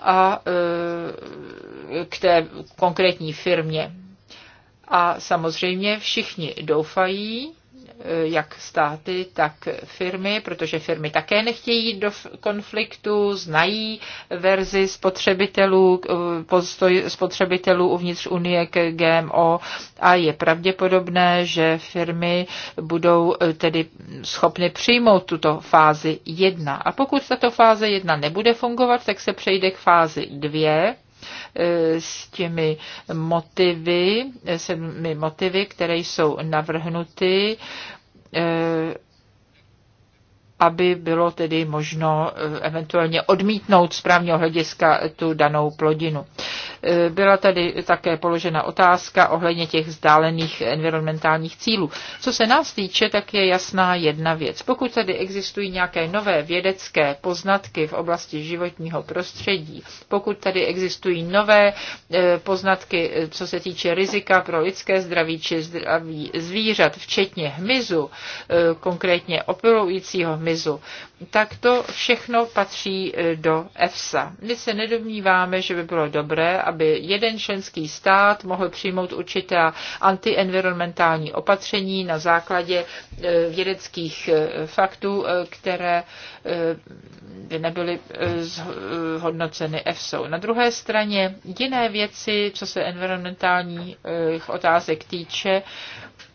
a ehm, k té konkrétní firmě. A samozřejmě všichni doufají, eh, jak státy, tak firmy, protože firmy také nechtějí jít do konfliktu, znají verzi spotřebitelů, eh, postoj spotřebitelů uvnitř Unie k GMO a je pravděpodobné, že firmy budou eh, tedy schopny přijmout tuto fázi 1. A pokud tato fáze 1 nebude fungovat, tak se přejde k fázi 2 E, s těmi motivy, e, sedmi motivy, které jsou navrhnuty, e, aby bylo tedy možno eventuálně odmítnout z právního hlediska tu danou plodinu. Byla tady také položena otázka ohledně těch vzdálených environmentálních cílů. Co se nás týče, tak je jasná jedna věc. Pokud tady existují nějaké nové vědecké poznatky v oblasti životního prostředí, pokud tady existují nové eh, poznatky, eh, co se týče rizika pro lidské zdraví či zdraví zvířat, včetně hmyzu, eh, konkrétně opilujícího hmyzu, tak to všechno patří do EFSA. My se nedomníváme, že by bylo dobré, aby jeden členský stát mohl přijmout určitá antienvironmentální opatření na základě e, vědeckých e, faktů, e, které by nebyly hodnoceny EFSO. Na druhé straně jiné věci, co se environmentálních otázek týče,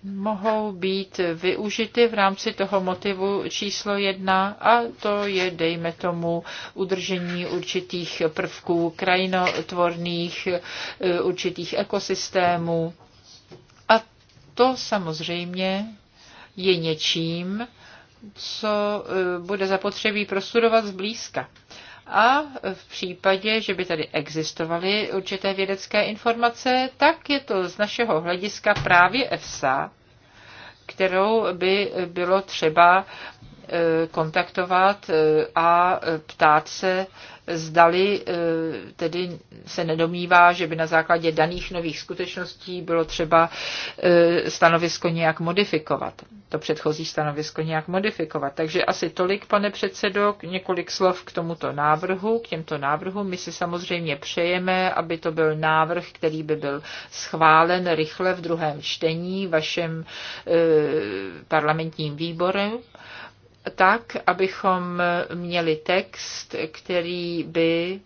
mohou být využity v rámci toho motivu číslo jedna a to je, dejme tomu, udržení určitých prvků krajinotvorných, e, určitých ekosystémů. A to samozřejmě je něčím, co e, bude zapotřebí prostudovat zblízka. A v případě, že by tady existovaly určité vědecké informace, tak je to z našeho hlediska právě EFSA, kterou by bylo třeba Eh, kontaktovat eh, a ptát se, zdali eh, tedy se nedomývá, že by na základě daných nových skutečností bylo třeba stanovisko nějak modifikovat, to předchozí stanovisko nějak modifikovat. Takže asi tolik, pane předsedo, několik slov k tomuto návrhu, k těmto návrhům. My si samozřejmě přejeme, aby to byl návrh, který by byl schválen rychle v druhém čtení vašem parlamentním výborem tak, abychom měli text, který by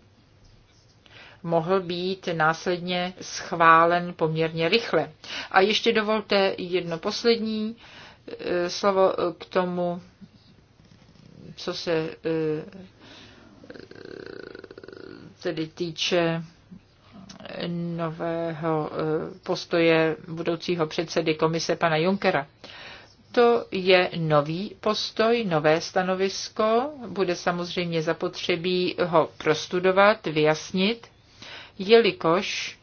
mohl být následně schválen poměrně rychle. A ještě dovolte jedno poslední eh, slovo k tomu, co se eh, tedy týče nového eh, postoje budoucího předsedy komise pana Junkera. To je nový postoj, nové stanovisko. Bude samozřejmě zapotřebí ho prostudovat, vyjasnit, jelikož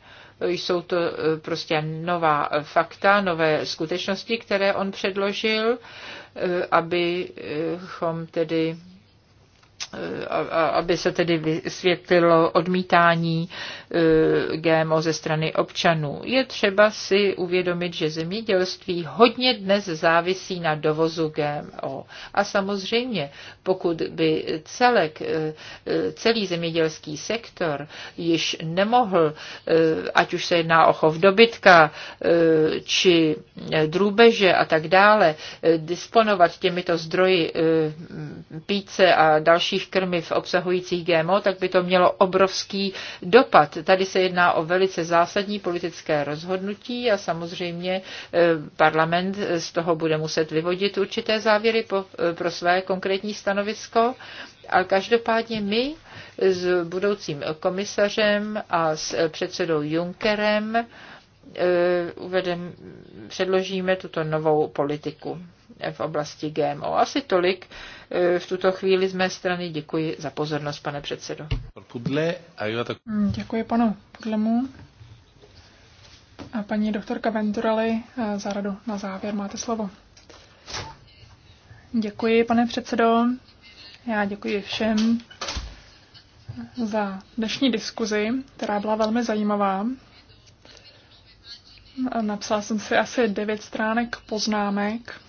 jsou to eh, prostě nová fakta, nové skutečnosti, které on předložil, eh, abychom tedy aby se tedy vysvětlilo odmítání e, GMO ze strany občanů. Je třeba si uvědomit, že zemědělství hodně dnes závisí na dovozu GMO. A samozřejmě, pokud by celek, e, e, celý zemědělský sektor již nemohl, ať už se jedná o chov dobytka či drůbeže a tak dále, disponovat těmito zdroji píce a další dalších krmiv obsahujících GMO, tak by to mělo obrovský dopad. Tady se jedná o velice zásadní politické rozhodnutí a samozřejmě eh, parlament z toho bude muset vyvodit určité závěry eh, pro své konkrétní stanovisko. A každopádně my s budoucím komisařem a s předsedou Junckerem eh, uvedem, předložíme tuto novou politiku v oblasti GMO. Asi tolik Eh, v tuto chvíli z mé strany. Děkuji za pozornost, pane předsedo. Hmm, děkuji panu Pudlemu. A paní doktorka Venturali eh, za radu na závěr máte slovo. Děkuji, pane předsedo. Já děkuji všem za dnešní diskuzi, která byla velmi zajímavá. Napsala jsem si asi devět stránek poznámek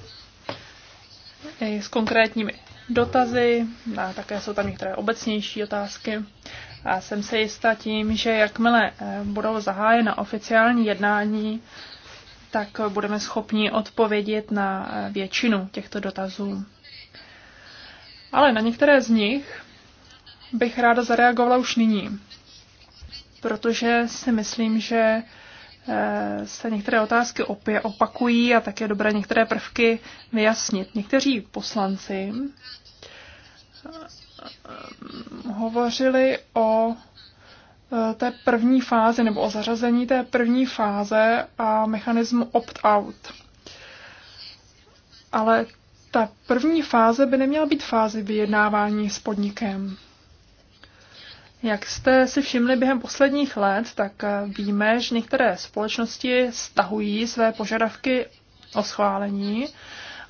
s konkrétními dotazy a také jsou tam některé obecnější otázky. A jsem se jistá tím, že jakmile eh, budou zahájena oficiální jednání, tak budeme schopni odpovědět na eh, většinu těchto dotazů. Ale na některé z nich bych ráda zareagovala už nyní, protože si myslím, že Eh, se některé otázky opě- opakují a tak je dobré některé prvky vyjasnit. Někteří poslanci eh, hovořili o eh, té první fázi nebo o zařazení té první fáze a mechanismu opt-out. Ale ta první fáze by neměla být fázi vyjednávání s podnikem. Jak jste si všimli během posledních let, tak eh, víme, že některé společnosti stahují své požadavky o schválení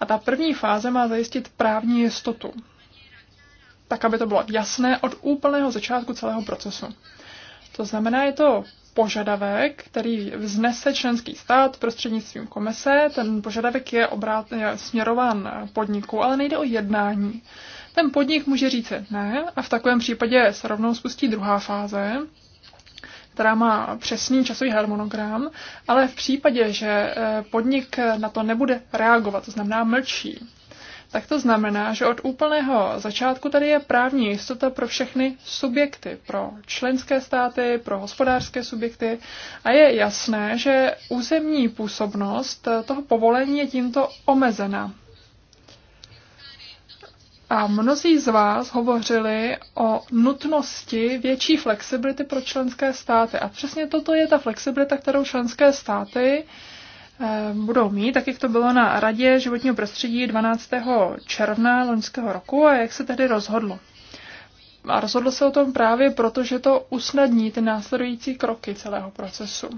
a ta první fáze má zajistit právní jistotu. Tak, aby to bylo jasné od úplného začátku celého procesu. To znamená, je to požadavek, který vznese členský stát prostřednictvím komise. Ten požadavek je, obrát, je směrován podniku, ale nejde o jednání ten podnik může říct ne a v takovém případě se rovnou spustí druhá fáze, která má přesný časový harmonogram, ale v případě, že eh, podnik na to nebude reagovat, to znamená mlčí, tak to znamená, že od úplného začátku tady je právní jistota pro všechny subjekty, pro členské státy, pro hospodářské subjekty a je jasné, že územní působnost toho povolení je tímto omezena. A mnozí z vás hovořili o nutnosti větší flexibility pro členské státy. A přesně toto je ta flexibilita, kterou členské státy eh, budou mít, tak jak to bylo na Radě životního prostředí 12. června loňského roku a jak se tedy rozhodlo. A rozhodlo se o tom právě proto, že to usnadní ty následující kroky celého procesu.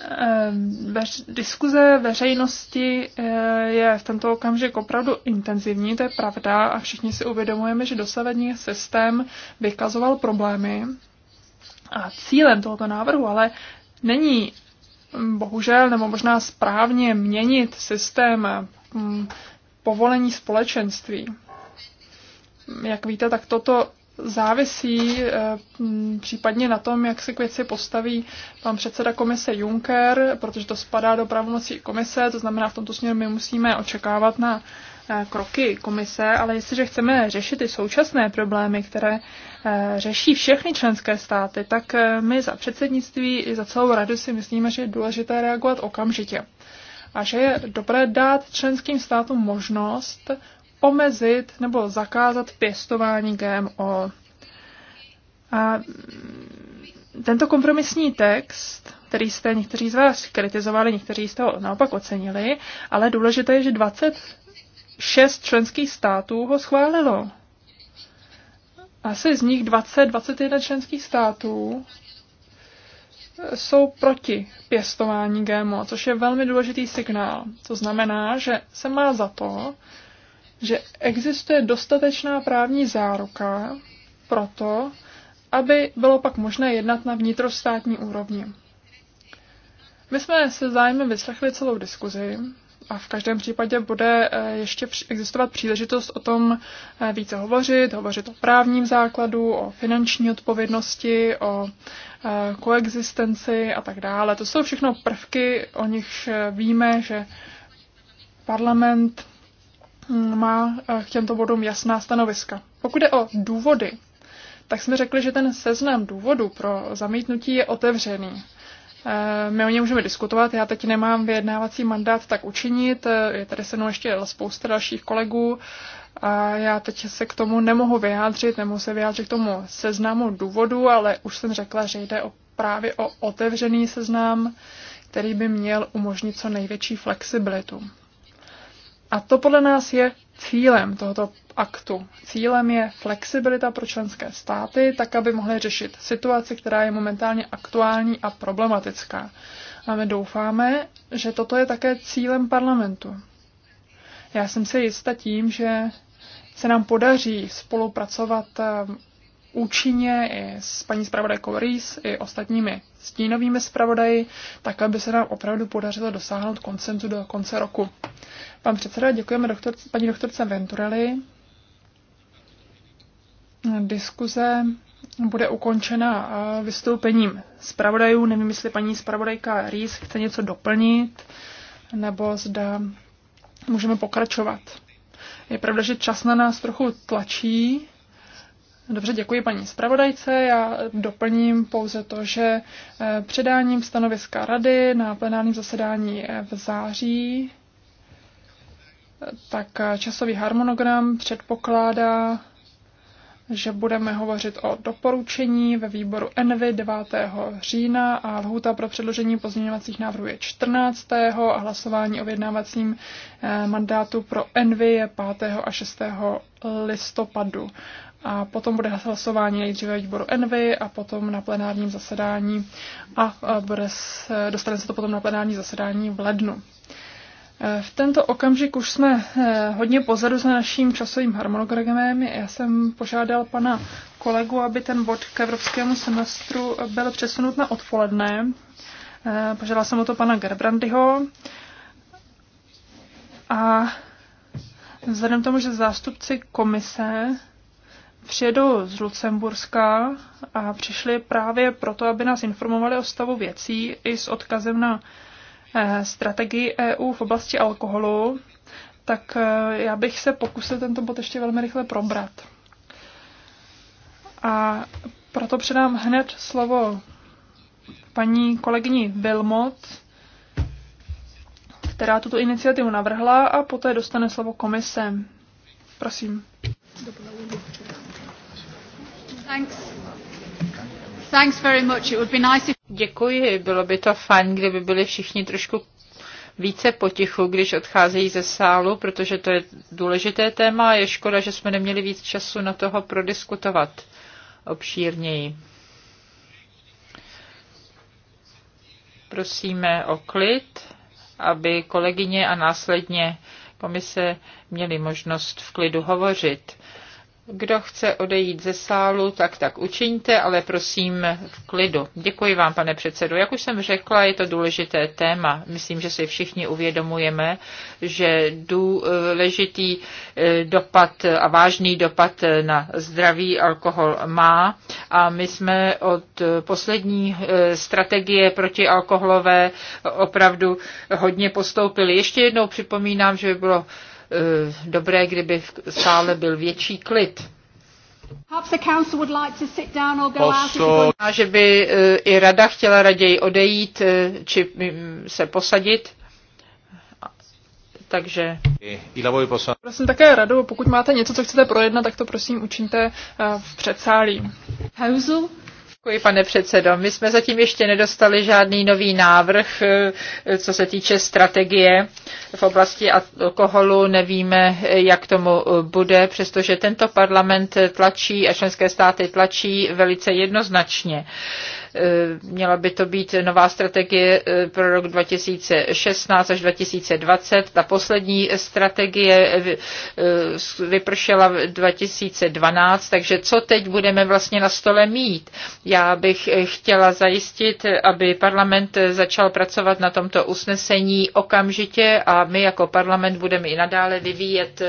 Ehm, veř, diskuze veřejnosti eh, je v tento okamžik opravdu intenzivní, to je pravda, a všichni si uvědomujeme, že dosavadní systém vykazoval problémy. A cílem tohoto návrhu ale není hm, bohužel nebo možná správně měnit systém hm, povolení společenství. Jak víte, tak toto závisí eh, případně na tom, jak se k věci postaví pan předseda komise Juncker, protože to spadá do pravomocí komise, to znamená v tomto směru my musíme očekávat na eh, kroky komise, ale jestliže chceme řešit ty současné problémy, které eh, řeší všechny členské státy, tak my za předsednictví i za celou radu si myslíme, že je důležité reagovat okamžitě. A že je dobré dát členským státům možnost omezit nebo zakázat pěstování GMO. A tento kompromisní text, který jste někteří z vás kritizovali, někteří jste ho naopak ocenili, ale důležité je, že 26 členských států ho schválilo. Asi z nich 20-21 členských států jsou proti pěstování GMO, což je velmi důležitý signál. To znamená, že se má za to, že existuje dostatečná právní záruka pro to, aby bylo pak možné jednat na vnitrostátní úrovni. My jsme se zájmem vyslechli celou diskuzi a v každém případě bude eh, ještě existovat příležitost o tom eh, více hovořit, hovořit o právním základu, o finanční odpovědnosti, o eh, koexistenci a tak dále. To jsou všechno prvky, o nichž víme, že parlament má eh, k těmto bodům jasná stanoviska. Pokud je o důvody, tak jsme řekli, že ten seznam důvodů pro zamítnutí je otevřený. Eh, my o něm můžeme diskutovat, já teď nemám vyjednávací mandát tak učinit, eh, je tady se mnou ještě spousta dalších kolegů a já teď se k tomu nemohu vyjádřit, nemohu se vyjádřit k tomu seznamu důvodů, ale už jsem řekla, že jde o právě o otevřený seznam, který by měl umožnit co největší flexibilitu. A to podle nás je cílem tohoto aktu. Cílem je flexibilita pro členské státy, tak aby mohly řešit situaci, která je momentálně aktuální a problematická. A my doufáme, že toto je také cílem parlamentu. Já jsem si jista tím, že se nám podaří spolupracovat účinně i s paní zpravodajkou Rees, i ostatními stínovými zpravodaji, tak aby se nám opravdu podařilo dosáhnout koncenzu do konce roku. Pan předseda, děkujeme doktor, paní doktorce Venturelli. Diskuze bude ukončena vystoupením zpravodajů. Nevím, jestli paní zpravodajka Rees chce něco doplnit, nebo zda můžeme pokračovat. Je pravda, že čas na nás trochu tlačí, Dobře, děkuji paní zpravodajce. Já doplním pouze to, že eh, předáním stanoviska rady na plenárním zasedání eh, v září, tak eh, časový harmonogram předpokládá, že budeme hovořit o doporučení ve výboru NV 9. října a lhůta pro předložení pozměňovacích návrhů je 14. a hlasování o vyjednávacím mandátu pro NV je 5. a 6. listopadu a potom bude hlasování nejdříve výboru Envy a potom na plenárním zasedání a bude se, dostane se to potom na plenární zasedání v lednu. E, v tento okamžik už jsme e, hodně pozadu s naším časovým harmonogramem. Já jsem požádal pana kolegu, aby ten bod k evropskému semestru byl přesunut na odpoledne. E, požádal jsem o to pana Gerbrandyho. A vzhledem tomu, že zástupci komise přijedou z Lucemburska a přišli právě proto, aby nás informovali o stavu věcí i s odkazem na eh, strategii EU v oblasti alkoholu, tak eh, já bych se pokusil tento bod ještě velmi rychle probrat. A proto předám hned slovo paní kolegyni Vilmot, která tuto iniciativu navrhla a poté dostane slovo komise. Prosím. Dobrý. Děkuji, bylo by to fajn, kdyby byli všichni trošku více potichu, když odcházejí ze sálu, protože to je důležité téma a je škoda, že jsme neměli víc času na toho prodiskutovat obšírněji. Prosíme o klid, aby kolegyně a následně komise měly možnost v klidu hovořit. Kdo chce odejít ze sálu, tak tak učiňte, ale prosím v klidu. Děkuji vám, pane předsedu. Jak už jsem řekla, je to důležité téma. Myslím, že si všichni uvědomujeme, že důležitý eh, dopad a vážný dopad na zdraví alkohol má. A my jsme od poslední eh, strategie proti alkoholové opravdu hodně postoupili. Ještě jednou připomínám, že by bylo Eh, dobré, kdyby v sále byl větší klid. Poso... Že by eh, i rada chtěla raději odejít eh, či mm, se posadit. Takže prosím také radu, pokud máte něco, co chcete projednat, tak to prosím učiňte v předsálí. Hausel, Děkuji, pane předsedo. My jsme zatím ještě nedostali žádný nový návrh, eh, co se týče strategie v oblasti alkoholu. Nevíme, eh, jak tomu eh, bude, přestože tento parlament tlačí a členské státy tlačí velice jednoznačně Eh, měla by to být nová strategie eh, pro rok 2016 až 2020. Ta poslední strategie eh, vypršela v 2012, takže co teď budeme vlastně na stole mít? Já bych chtěla zajistit, aby parlament začal pracovat na tomto usnesení okamžitě a my jako parlament budeme i nadále vyvíjet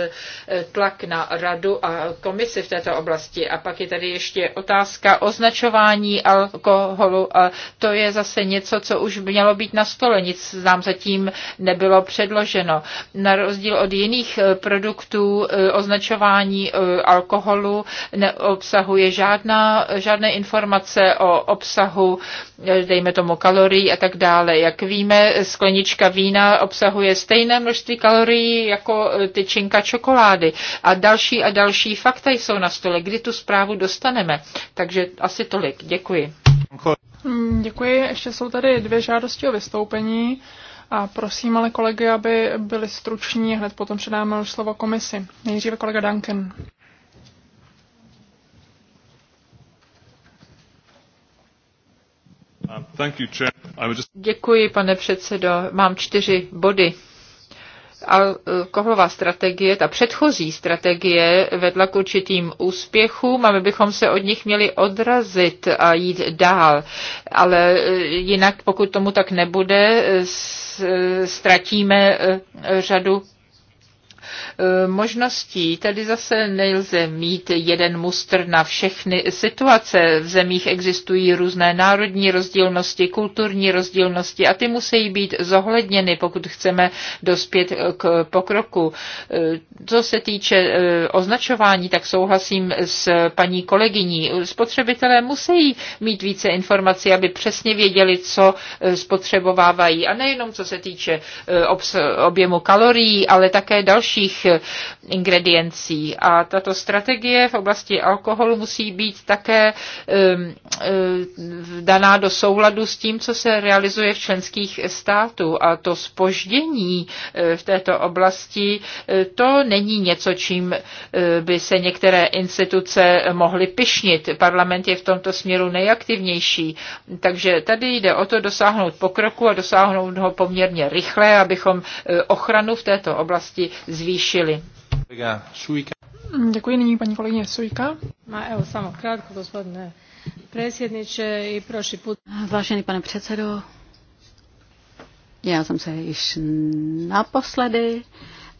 tlak na radu a komisi v této oblasti. A pak je tady ještě otázka označování alkoholu alkoholu a to je zase něco, co už mělo být na stole, nic nám zatím nebylo předloženo. Na rozdíl od jiných eh, produktů eh, označování eh, alkoholu neobsahuje žádná, žádné informace o obsahu, dejme tomu kalorií a tak dále. Jak víme, sklenička vína obsahuje stejné množství kalorií jako tyčinka čokolády a další a další fakta jsou na stole, kdy tu zprávu dostaneme. Takže asi tolik. Děkuji. Děkuji. Ještě jsou tady dvě žádosti o vystoupení a prosím ale kolegy, aby byli struční. Hned potom předáme už slovo komisi. Nejdříve kolega Duncan. Uh, Děkuji, pane předsedo. Mám čtyři body alkoholová strategie, ta předchozí strategie vedla k určitým úspěchům a my bychom se od nich měli odrazit a jít dál. Ale eh, jinak, pokud tomu tak nebude, eh, ztratíme eh, řadu Eh, možností. Tady zase nelze mít jeden mustr na všechny situace. V zemích existují různé národní rozdílnosti, kulturní rozdílnosti a ty musí být zohledněny, pokud chceme dospět k pokroku. Eh, co se týče eh, označování, tak souhlasím s paní kolegyní. Spotřebitelé musí mít více informací, aby přesně věděli, co spotřebovávají. A nejenom co se týče objemu kalorií, ale také další dalších eh, ingrediencí. A tato strategie v oblasti alkoholu musí být také ehm, eh, daná do souladu s tím, co se realizuje v členských států. A to spoždění eh, v této oblasti, to není něco, čím by se některé instituce mohly pišnit. Parlament je v tomto směru nejaktivnější. Takže tady jde o to dosáhnout pokroku a dosáhnout ho poměrně rychle, abychom ochranu v této oblasti zvýšili zvýšily. Děkuji nyní paní kolegyně Sujka. Má evo samo krátko, gospodine presjedniče i prošli put. Vážený pane předsedo, já jsem se již naposledy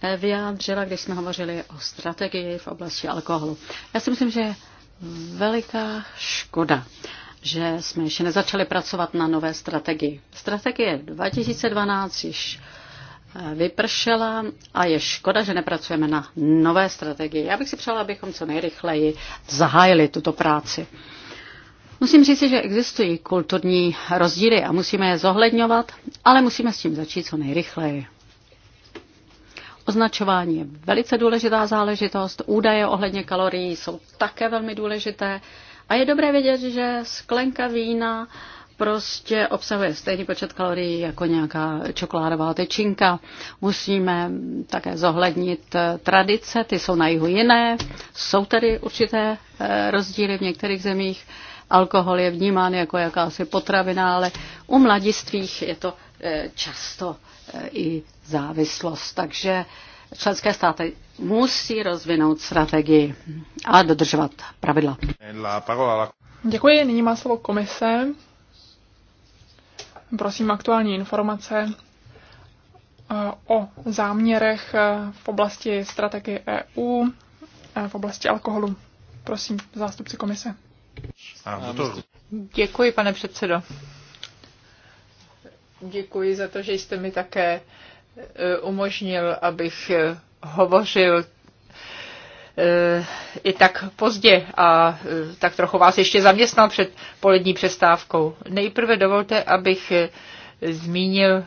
eh, vyjádřila, když jsme hovořili o strategii v oblasti alkoholu. Já si myslím, že je veliká škoda, že jsme ještě nezačali pracovat na nové strategii. Strategie 2012 již vypršela a je škoda, že nepracujeme na nové strategii. Já bych si přála, abychom co nejrychleji zahájili tuto práci. Musím říct, že existují kulturní rozdíly a musíme je zohledňovat, ale musíme s tím začít co nejrychleji. Označování je velice důležitá záležitost, údaje ohledně kalorií jsou také velmi důležité a je dobré vědět, že sklenka vína prostě obsahuje stejný počet kalorií jako nějaká čokoládová tečinka. Musíme také zohlednit eh, tradice, ty jsou na jihu jiné, jsou tady určité eh, rozdíly v některých zemích. Alkohol je vnímán jako jakási potravina, ale u mladistvých je to eh, často i závislost. Takže členské státy musí rozvinout strategii a dodržovat pravidla. Děkuji, nyní má slovo komise prosím aktuální informace eh, o záměrech eh, v oblasti strategie EU eh, v oblasti alkoholu. Prosím, zástupci komise. Děkuji, pane předsedo. Děkuji za to, že jste mi také umožnil, abych hovořil i tak pozdě a e, tak trochu vás ještě zaměstnal před polední přestávkou. Nejprve dovolte, abych zmínil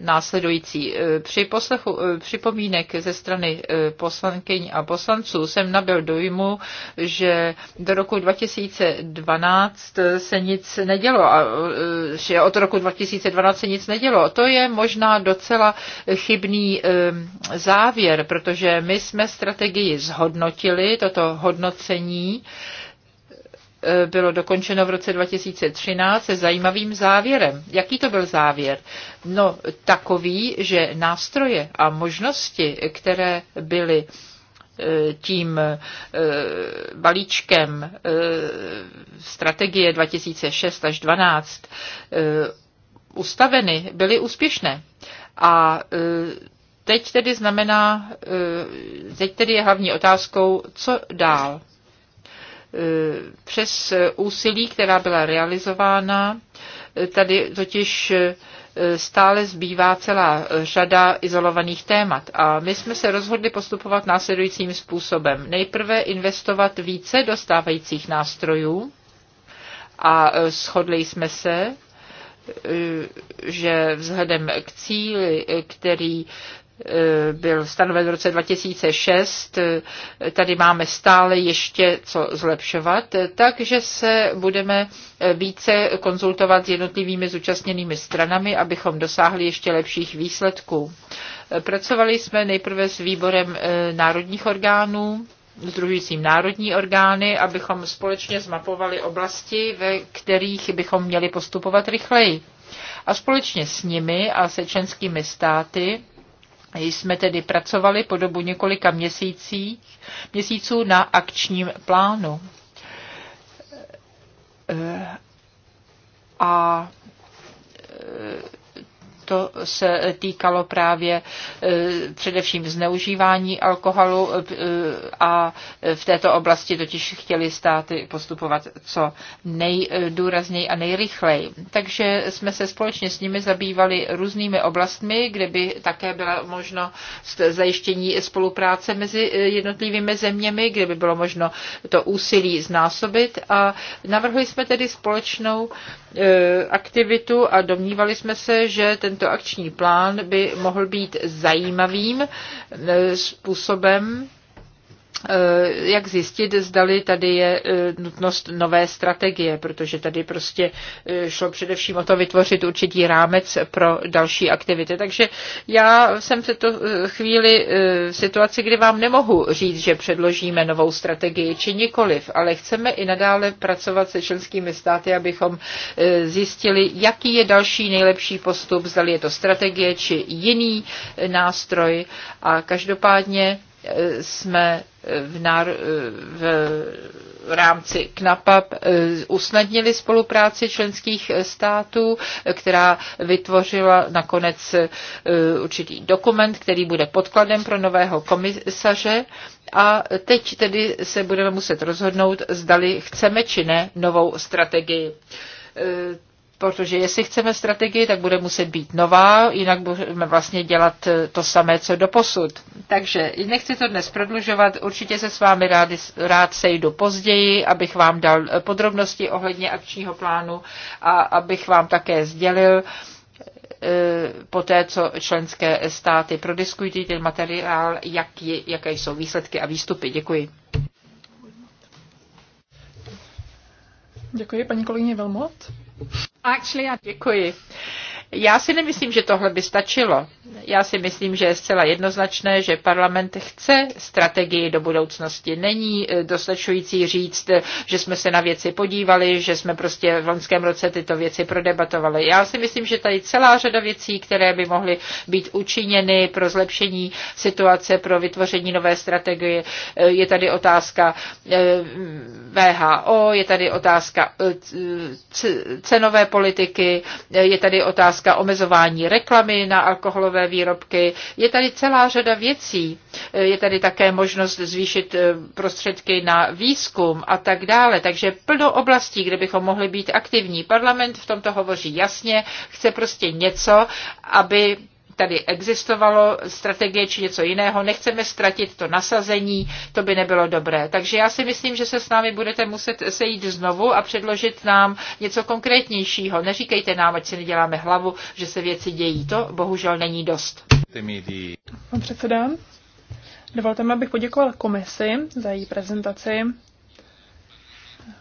následující. Eh, při poslechu eh, připomínek ze strany eh, poslankyň a poslanců jsem nabil dojmu, že do roku 2012 se nic nedělo a že od roku 2012 se nic nedělo. To je možná docela chybný závěr, protože my jsme strategii zhodnotili, toto hodnocení, E, bylo dokončeno v roce 2013 se zajímavým závěrem. Jaký to byl závěr? No takový, že nástroje a možnosti, které byly e, tím e, balíčkem strategie 2006 až 2012 ustaveny, byly úspěšné. A teď tedy znamená, teď tedy je hlavní otázkou, co dál. E, přes úsilí, která byla realizována, tady totiž e, stále zbývá celá řada izolovaných témat. A my jsme se rozhodli postupovat následujícím způsobem. Nejprve investovat více do stávajících nástrojů a e, shodli jsme se, že vzhledem k cíli, který Eh, byl stanoven v roce 2006, eh, tady máme stále ještě co zlepšovat, eh, takže se budeme více konzultovat s jednotlivými zúčastněnými stranami, abychom dosáhli ještě lepších výsledků. Pracovali jsme nejprve s výborem národních orgánů, združujícím národní orgány, abychom společně zmapovali oblasti, ve kterých bychom měli postupovat rychleji. A společně s nimi a se členskými státy jsme tedy pracovali po dobu několika měsící, měsíců na akčním plánu. Eh, a eh, to se týkalo právě e, především zneužívání alkoholu e, a v této oblasti totiž chtěli státy postupovat co nejdůrazněji a nejrychleji. Takže jsme se společně s nimi zabývali různými oblastmi, kde by také byla možno zajištění spolupráce mezi e, jednotlivými zeměmi, kde by bylo možno to úsilí znásobit a navrhli jsme tedy společnou aktivitu a domnívali jsme se, že ten tento akční plán by mohl být zajímavým eh, způsobem Eh, jak zjistit, zdali tady je eh, nutnost nové strategie, protože tady prostě eh, šlo především o to vytvořit určitý rámec pro další aktivity. Takže já jsem se to chvíli v situaci, kdy vám nemohu říct, že předložíme novou strategii či nikoliv, ale chceme i nadále pracovat se členskými státy, abychom zjistili, jaký je další nejlepší postup, zdali je to strategie či jiný nástroj a každopádně jsme v, náro... v rámci KNAPAP eh, usnadnili spolupráci členských států, která vytvořila nakonec eh, určitý dokument, který bude podkladem pro nového komisaře. A teď tedy se budeme muset rozhodnout, zdali chceme či ne novou strategii eh, Protože jestli chceme strategii, tak bude muset být nová, jinak budeme vlastně dělat eh, to samé, co do posud. Takže nechci to dnes prodlužovat, určitě se s vámi rád, rád sejdu později, abych vám dal eh, podrobnosti ohledně akčního plánu a abych vám také sdělil, eh, po té, co členské státy prodiskutují ten materiál, jak je, jaké jsou výsledky a výstupy. Děkuji. Děkuji, paní kolegyně Velmot. Actually, I... Děkuji. Já si nemyslím, že tohle by stačilo. Já si myslím, že je zcela jednoznačné, že parlament chce strategii do budoucnosti. Není eh, dostačující říct, eh, že jsme se na věci podívali, že jsme prostě v loňském roce tyto věci prodebatovali. Já si myslím, že tady celá řada věcí, které by mohly být učiněny pro zlepšení situace, pro vytvoření nové strategie. Eh, je tady otázka VHO, je tady otázka cenové politiky, je tady otázka otázka omezování reklamy na alkoholové výrobky. Je tady celá řada věcí. Je tady také možnost zvýšit eh, prostředky na výzkum a tak dále. Takže plno oblastí, kde bychom mohli být aktivní. Parlament v tomto hovoří jasně, chce prostě něco, aby tady existovalo strategie či něco jiného. Nechceme ztratit to nasazení, to by nebylo dobré. Takže já si myslím, že se s námi budete muset sejít znovu a předložit nám něco konkrétnějšího. Neříkejte nám, ať si neděláme hlavu, že se věci dějí. To bohužel není dost. Pan předseda, dovolte mi, abych poděkoval komisi za její prezentaci.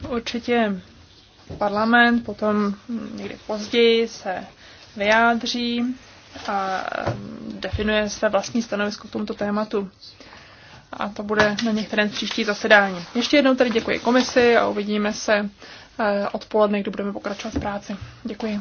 Určitě parlament potom někdy později se vyjádří a definuje své vlastní stanovisko k tomuto tématu. A to bude na některém příští zasedání. Ještě jednou tady děkuji komisi a uvidíme se eh, odpoledne, kdy budeme pokračovat v práci. Děkuji.